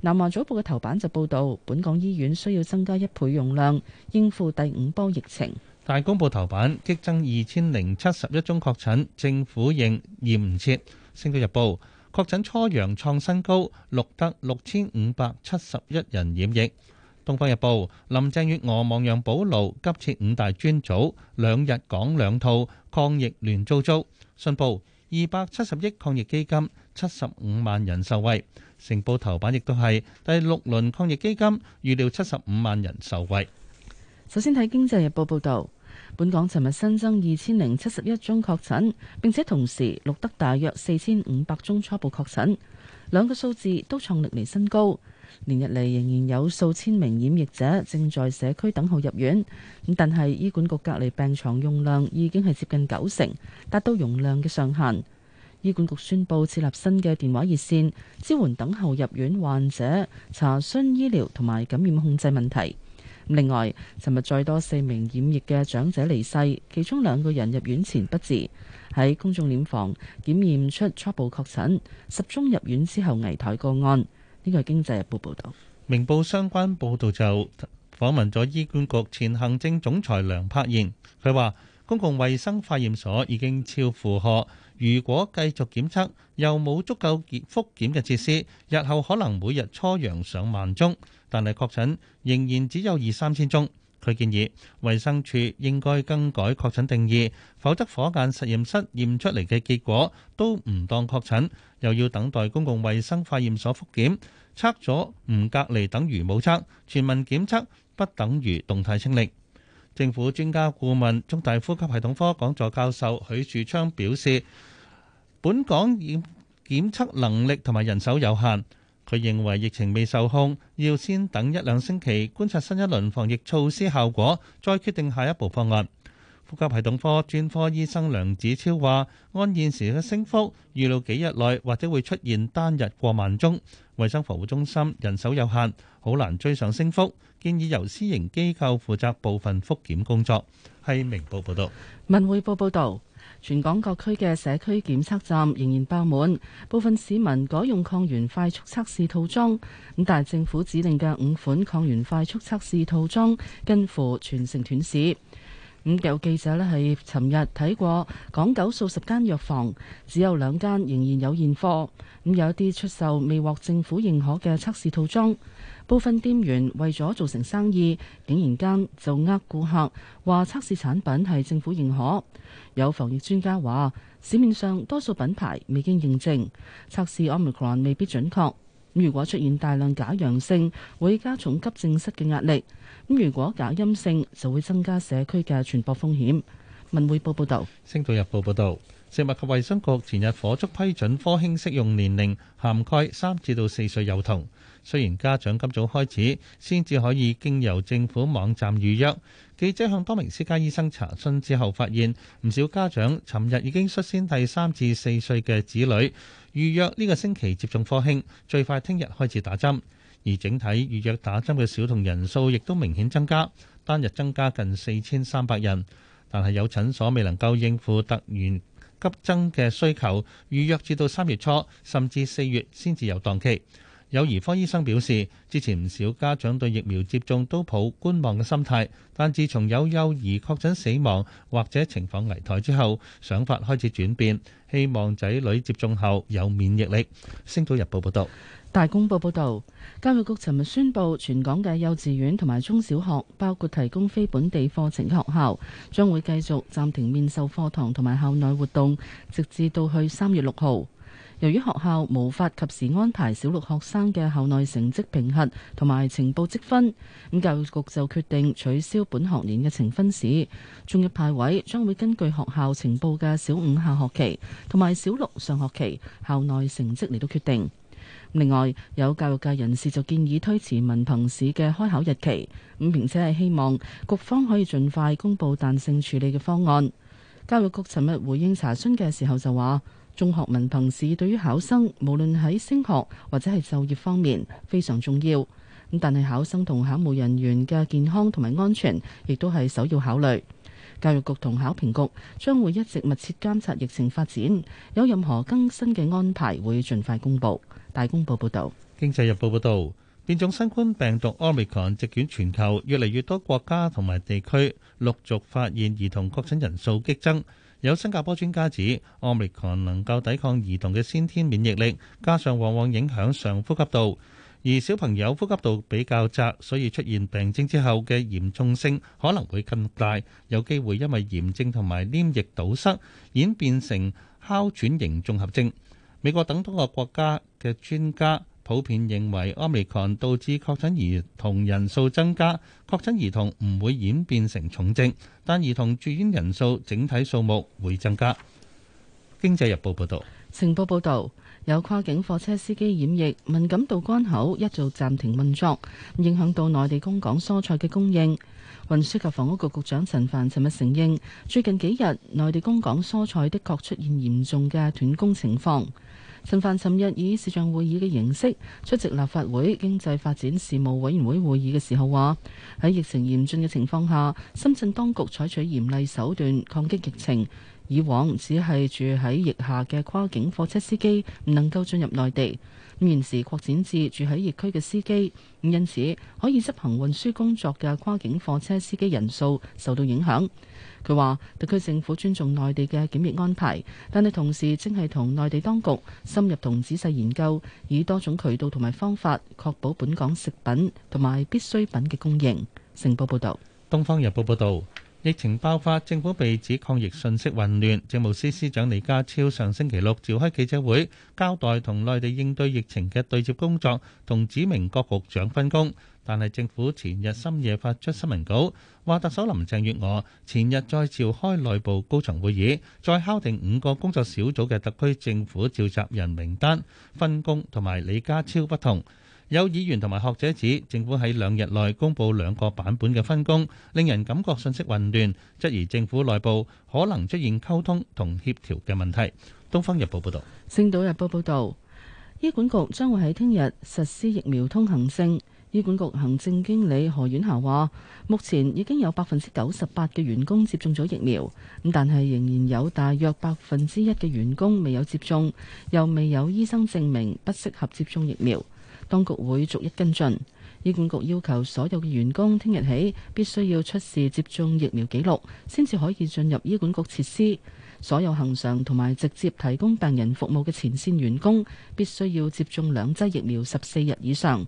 南華早報嘅頭版就報道，本港醫院需要增加一倍用量，應付第五波疫情。
大公報頭版激增二千零七十一宗確診，政府應變唔切。星島日報確診初陽創新高，錄得六千五百七十一人染疫。東方日報，林鄭月娥亡羊補牢，急設五大專組，兩日講兩套抗疫亂糟糟。信報二百七十億抗疫基金。七十五萬人受惠，成報頭版亦都係第六輪抗疫基金預料七十五萬人受惠。
首先睇經濟日報報導，本港尋日新增二千零七十一宗確診，並且同時錄得大約四千五百宗初步確診，兩個數字都創歷年新高。連日嚟仍然有數千名染疫者正在社區等候入院，咁但係醫管局隔離病床用量已經係接近九成，達到容量嘅上限。醫管局宣布設立新嘅電話熱線，支援等候入院患者查詢醫療同埋感染控制問題。另外，尋日再多四名染疫嘅長者離世，其中兩個人入院前不治，喺公眾殮房檢驗出初步確診十宗入院之後危殆個案。呢個係《經濟日報》報道。明報相關報道就
訪問咗醫管局前行政總裁梁柏賢，佢話公共衛生化驗所已經超負荷。如果繼續檢測，又冇足夠復檢嘅設施，日後可能每日初陽上萬宗，但係確診仍然只有二三千宗。佢建議衛生署應該更改確診定義，否則火眼實驗室驗出嚟嘅結果都唔當確診，又要等待公共衛生化驗所復檢，測咗唔隔離等於冇測，全民檢測不等於動態清零。政府專家顧問中大呼吸系統科講座教授許樹昌表示。本港檢檢測能力同埋人手有限，佢認為疫情未受控，要先等一兩星期觀察新一輪防疫措施效果，再決定下一步方案。呼吸系統科專科醫生梁子超話，按現時嘅升幅，預料幾日內或者會出現單日過萬宗。衞生防護中心人手有限，好難追上升幅，建議由私營機構負責部分復檢工作。係明報報導，
文匯報報導。全港各區嘅社區檢測站仍然爆滿，部分市民改用抗原快速測試套裝，咁但政府指定嘅五款抗原快速測試套裝近乎全城斷市。咁有記者咧係尋日睇過港九數十間藥房，只有兩間仍然有現貨，咁有一啲出售未獲政府認可嘅測試套裝。部分店員為咗做成生意，竟然間就呃顧客，話測試產品係政府認可。有防疫專家話，市面上多數品牌未經認證，測試 Omicron 未必準確。如果出現大量假陽性，會加重急症室嘅壓力；咁如果假陰性，就會增加社區嘅傳播風險。文匯報報道，
星島日報報道，食物及衛生局前日火速批準科興適用年齡涵蓋三至到四歲幼童。雖然家長今早開始先至可以經由政府網站預約，記者向多名私家醫生查詢之後，發現唔少家長尋日已經率先第三至四歲嘅子女預約呢個星期接種科興，最快聽日開始打針。而整體預約打針嘅小童人數亦都明顯增加，單日增加近四千三百人。但係有診所未能夠應付突然急增嘅需求，預約至到三月初甚至四月先至有檔期。有兒科醫生表示，之前唔少家長對疫苗接種都抱觀望嘅心態，但自從有幼兒確診死亡或者情況危殆之後，想法開始轉變，希望仔女接種後有免疫力。星島日報報道，
大公報報道，教育局尋日宣布，全港嘅幼稚園同埋中小學，包括提供非本地課程嘅學校，將會繼續暫停面授課堂同埋校內活動，直至到去三月六號。由於學校無法及時安排小六學生嘅校內成績評核同埋呈報積分，咁教育局就決定取消本學年嘅呈分試。中一派位將會根據學校呈報嘅小五下學期同埋小六上學期校內成績嚟到決定。另外，有教育界人士就建議推遲文憑試嘅開考日期，咁並且係希望局方可以盡快公布彈性處理嘅方案。教育局尋日回應查詢嘅時候就話。中學文憑試對於考生，無論喺升學或者係就業方面非常重要，咁但係考生同考務人員嘅健康同埋安全亦都係首要考慮。教育局同考評局將會一直密切監察疫情發展，有任何更新嘅安排會盡快公布。大公報報道。
經濟日報報道。變種新冠病毒 Omicron 席捲全球，越嚟越多國家同埋地區陸續發現兒童確診人數激增。有新加坡專家指，Omicron 能夠抵抗兒童嘅先天免疫力，加上往往影響上呼吸道，而小朋友呼吸道比較窄，所以出現病症之後嘅嚴重性可能會更大，有機會因為炎症同埋黏液堵塞演變成哮喘型綜合症。美國等多個國家嘅專家，普遍認為 Omicron 導致確診兒童人數增加，確診兒童唔會演變成重症，但兒童住院人數整體數目會增加。經濟日報報導，
情報報導有跨境貨車司機染疫，敏感道關口一早暫停運作，影響到內地供港蔬菜嘅供應。運輸及房屋局局長陳帆尋日承認，最近幾日內地供港蔬菜的確出現嚴重嘅斷供情況。陳帆尋日以視像會議嘅形式出席立法會經濟發展事務委員會會議嘅時候話，喺疫情嚴峻嘅情況下，深圳當局採取嚴厲手段抗擊疫情。以往只係住喺疫下嘅跨境貨車司機唔能夠進入內地，咁現時擴展至住喺疫區嘅司機，因此可以執行運輸工作嘅跨境貨車司機人數受到影響。佢話：特區政府尊重內地嘅檢疫安排，但係同時正係同內地當局深入同仔細研究，以多種渠道同埋方法確保本港食品同埋必需品嘅供應。成報報導，《東
方日報》報導，疫情爆發，政府被指抗疫信息混亂。政務司司長李家超上星期六召開記者會，交代同內地應對疫情嘅對接工作，同指明各局長分工。但係，政府前日深夜發出新聞稿，話特首林鄭月娥前日再召開內部高層會議，再敲定五個工作小組嘅特區政府召集人名單分工，同埋李家超不同。有議員同埋學者指，政府喺兩日內公佈兩個版本嘅分工，令人感覺信息混亂，質疑政府內部可能出現溝通同協調嘅問題。《東方日報》報道。
《星島日報》報道，醫管局將會喺聽日實施疫苗通行證。醫管局行政經理何婉霞話，目前已經有百分之九十八嘅員工接種咗疫苗，咁但係仍然有大約百分之一嘅員工未有接種，又未有醫生證明不適合接種疫苗，當局會逐一跟進。醫管局要求所有嘅員工聽日起必須要出示接種疫苗記錄，先至可以進入醫管局設施。所有恆常同埋直接提供病人服務嘅前線員工必須要接種兩劑疫苗十四日以上，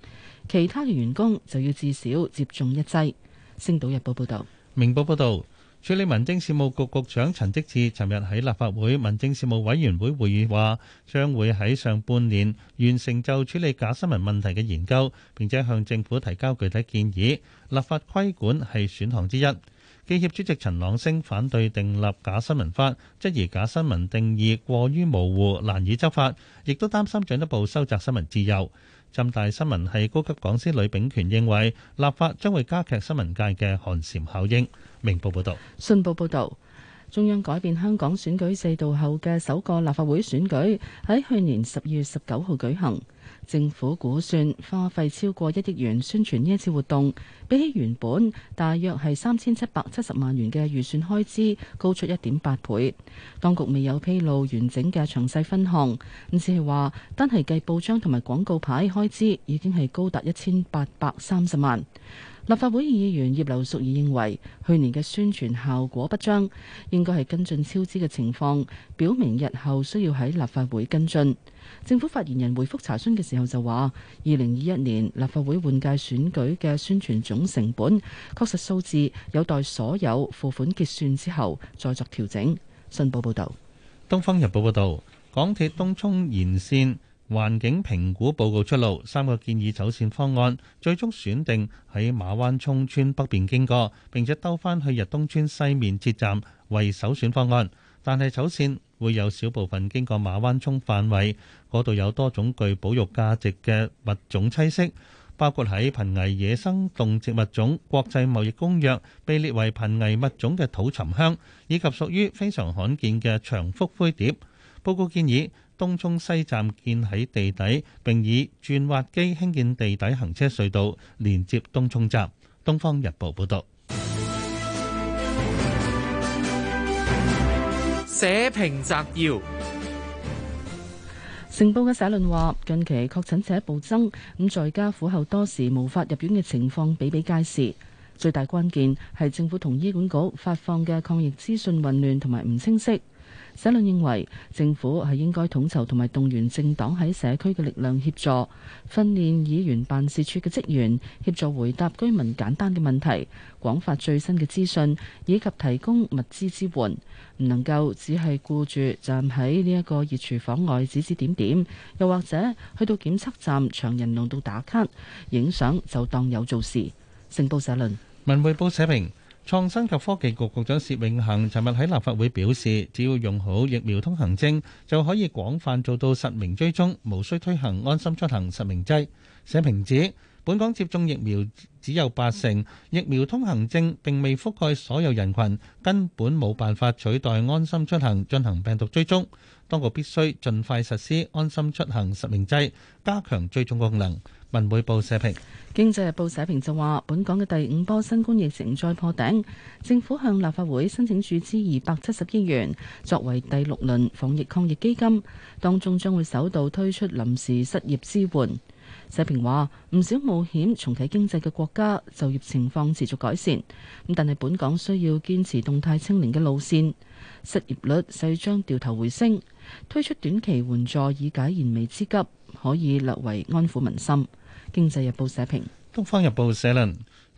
其他嘅員工就要至少接種一劑。星島日報報道。
明報報道，處理民政事務局局長陳積志尋日喺立法會民政事務委員會會議話，將會喺上半年完成就處理假新聞問題嘅研究，並且向政府提交具體建議，立法規管係選項之一。記協主席陳朗升反對訂立假新聞法，質疑假新聞定義過於模糊，難以執法，亦都擔心進一步收窄新聞自由。浸大新聞系高級講師呂炳權認為，立法將會加劇新聞界嘅寒蟬效應。明報報道，
信報報道，中央改變香港選舉制度後嘅首個立法會選舉喺去年十二月十九號舉行。政府估算花費超過一億元宣傳呢一次活動，比起原本大約係三千七百七十萬元嘅預算開支高出一點八倍。當局未有披露完整嘅詳細分項，咁只係話單係計報章同埋廣告牌開支已經係高達一千八百三十萬。立法會議員葉劉淑儀認為，去年嘅宣傳效果不彰，應該係跟進超支嘅情況，表明日後需要喺立法會跟進。政府發言人回覆查詢嘅時候就話，二零二一年立法會換屆選舉嘅宣傳總成本確實數字有待所有付款結算之後再作調整。信報報道。
東方日報報道，港鐵東涌延線。環境評估報告出爐，三個建議走線方案最終選定喺馬灣涌村北邊經過，並且兜返去日東村西面接站為首選方案。但係走線會有少部分經過馬灣涌範圍，嗰度有多種具保育價值嘅物種棲息，包括喺《瀕危野生動植物種國際貿易公約》被列為瀕危物種嘅土沉香，以及屬於非常罕見嘅長腹灰蝶。報告建議。東涌西站建喺地底，並以鑽挖機興建地底行車隧道連接東涌站。東方
日報報道。社評摘要：
成報嘅社論話，近期確診者暴增，咁在家苦候多時無法入院嘅情況比比皆是。最大關鍵係政府同醫管局發放嘅抗疫資訊混亂同埋唔清晰。社論認為政府係應該統籌同埋動員政黨喺社區嘅力量協助訓練議員辦事處嘅職員，協助回答居民簡單嘅問題，廣發最新嘅資訊，以及提供物資支援，唔能夠只係顧住站喺呢一個熱廚房外指指點點，又或者去到檢測站長人龍到打卡影相就當有做事。成報社論，
文匯報社評。」創新及科技局局長薛永恆尋日喺立法會表示，只要用好疫苗通行證，就可以廣泛做到實名追蹤，無需推行安心出行實名制。社評指，本港接種疫苗只有八成，疫苗通行證並未覆蓋所有人群，根本冇辦法取代安心出行進行病毒追蹤。當局必須盡快實施安心出行實名制，加強追蹤功能。文匯報社評。
《經濟日報》社評就話：本港嘅第五波新冠疫情再破頂，政府向立法會申請注資二百七十億元，作為第六輪防疫抗疫基金，當中將會首度推出臨時失業支援。社評話：唔少冒險重啟經濟嘅國家，就業情況持續改善。咁但係本港需要堅持動態清零嘅路線，失業率勢將掉頭回升。推出短期援助以解燃眉之急，可以略為安撫民心。經濟日報社評，
東方日報社論。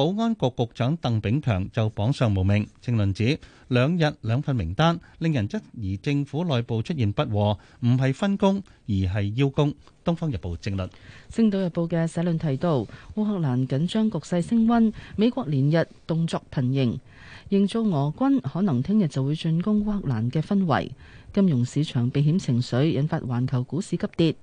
保安局局長鄧炳強就榜上無名，政論指兩日兩份名單令人質疑政府內部出現不和，唔係分工而係邀功。東
方日報政論，星島日報嘅社論提到烏克蘭緊張局勢升溫，美國連日動作頻仍，營造俄軍可能聽日就會進攻烏克蘭嘅氛圍。金融市場避險情緒引發環球股市急跌。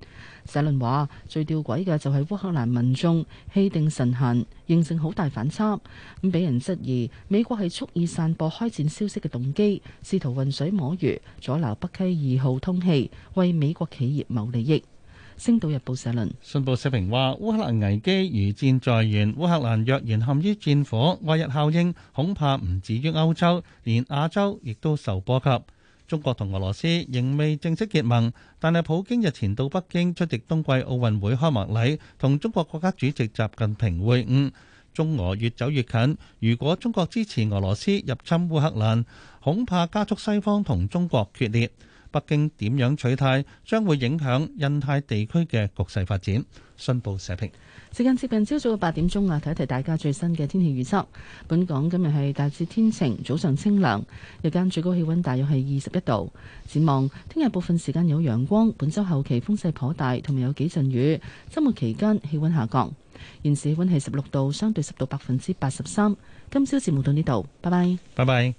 社論話最吊詭嘅就係烏克蘭民眾氣定神閒，形成好大反差。咁俾人質疑美國係蓄意散播開戰消息嘅動機，試圖渾水摸魚，阻撓北溪二號通氣，為美國企業謀利益。星島日報社論，
信報社評話烏克蘭危機如箭在弦，烏克蘭若然陷於戰火，外溢效應恐怕唔止於歐洲，連亞洲亦都受波及。中國同俄羅斯仍未正式結盟，但係普京日前到北京出席冬季奧運會開幕禮，同中國國家主席習近平會晤，中俄越走越近。如果中國支持俄羅斯入侵烏克蘭，恐怕加速西方同中國決裂。北京點樣取態，將會影響印太地區嘅局勢發展。信報社評。
時間接近朝早嘅八點鐘喇，提一提大家最新嘅天氣預測。本港今日係大致天晴，早上清涼，日間最高氣溫大約係二十一度。展望聽日部分時間有陽光，本周後期風勢頗大，同埋有幾陣雨。周末期間氣溫下降，現時氣溫係十六度，相對濕度百分之八十三。今朝節目到呢度，拜拜，
拜拜。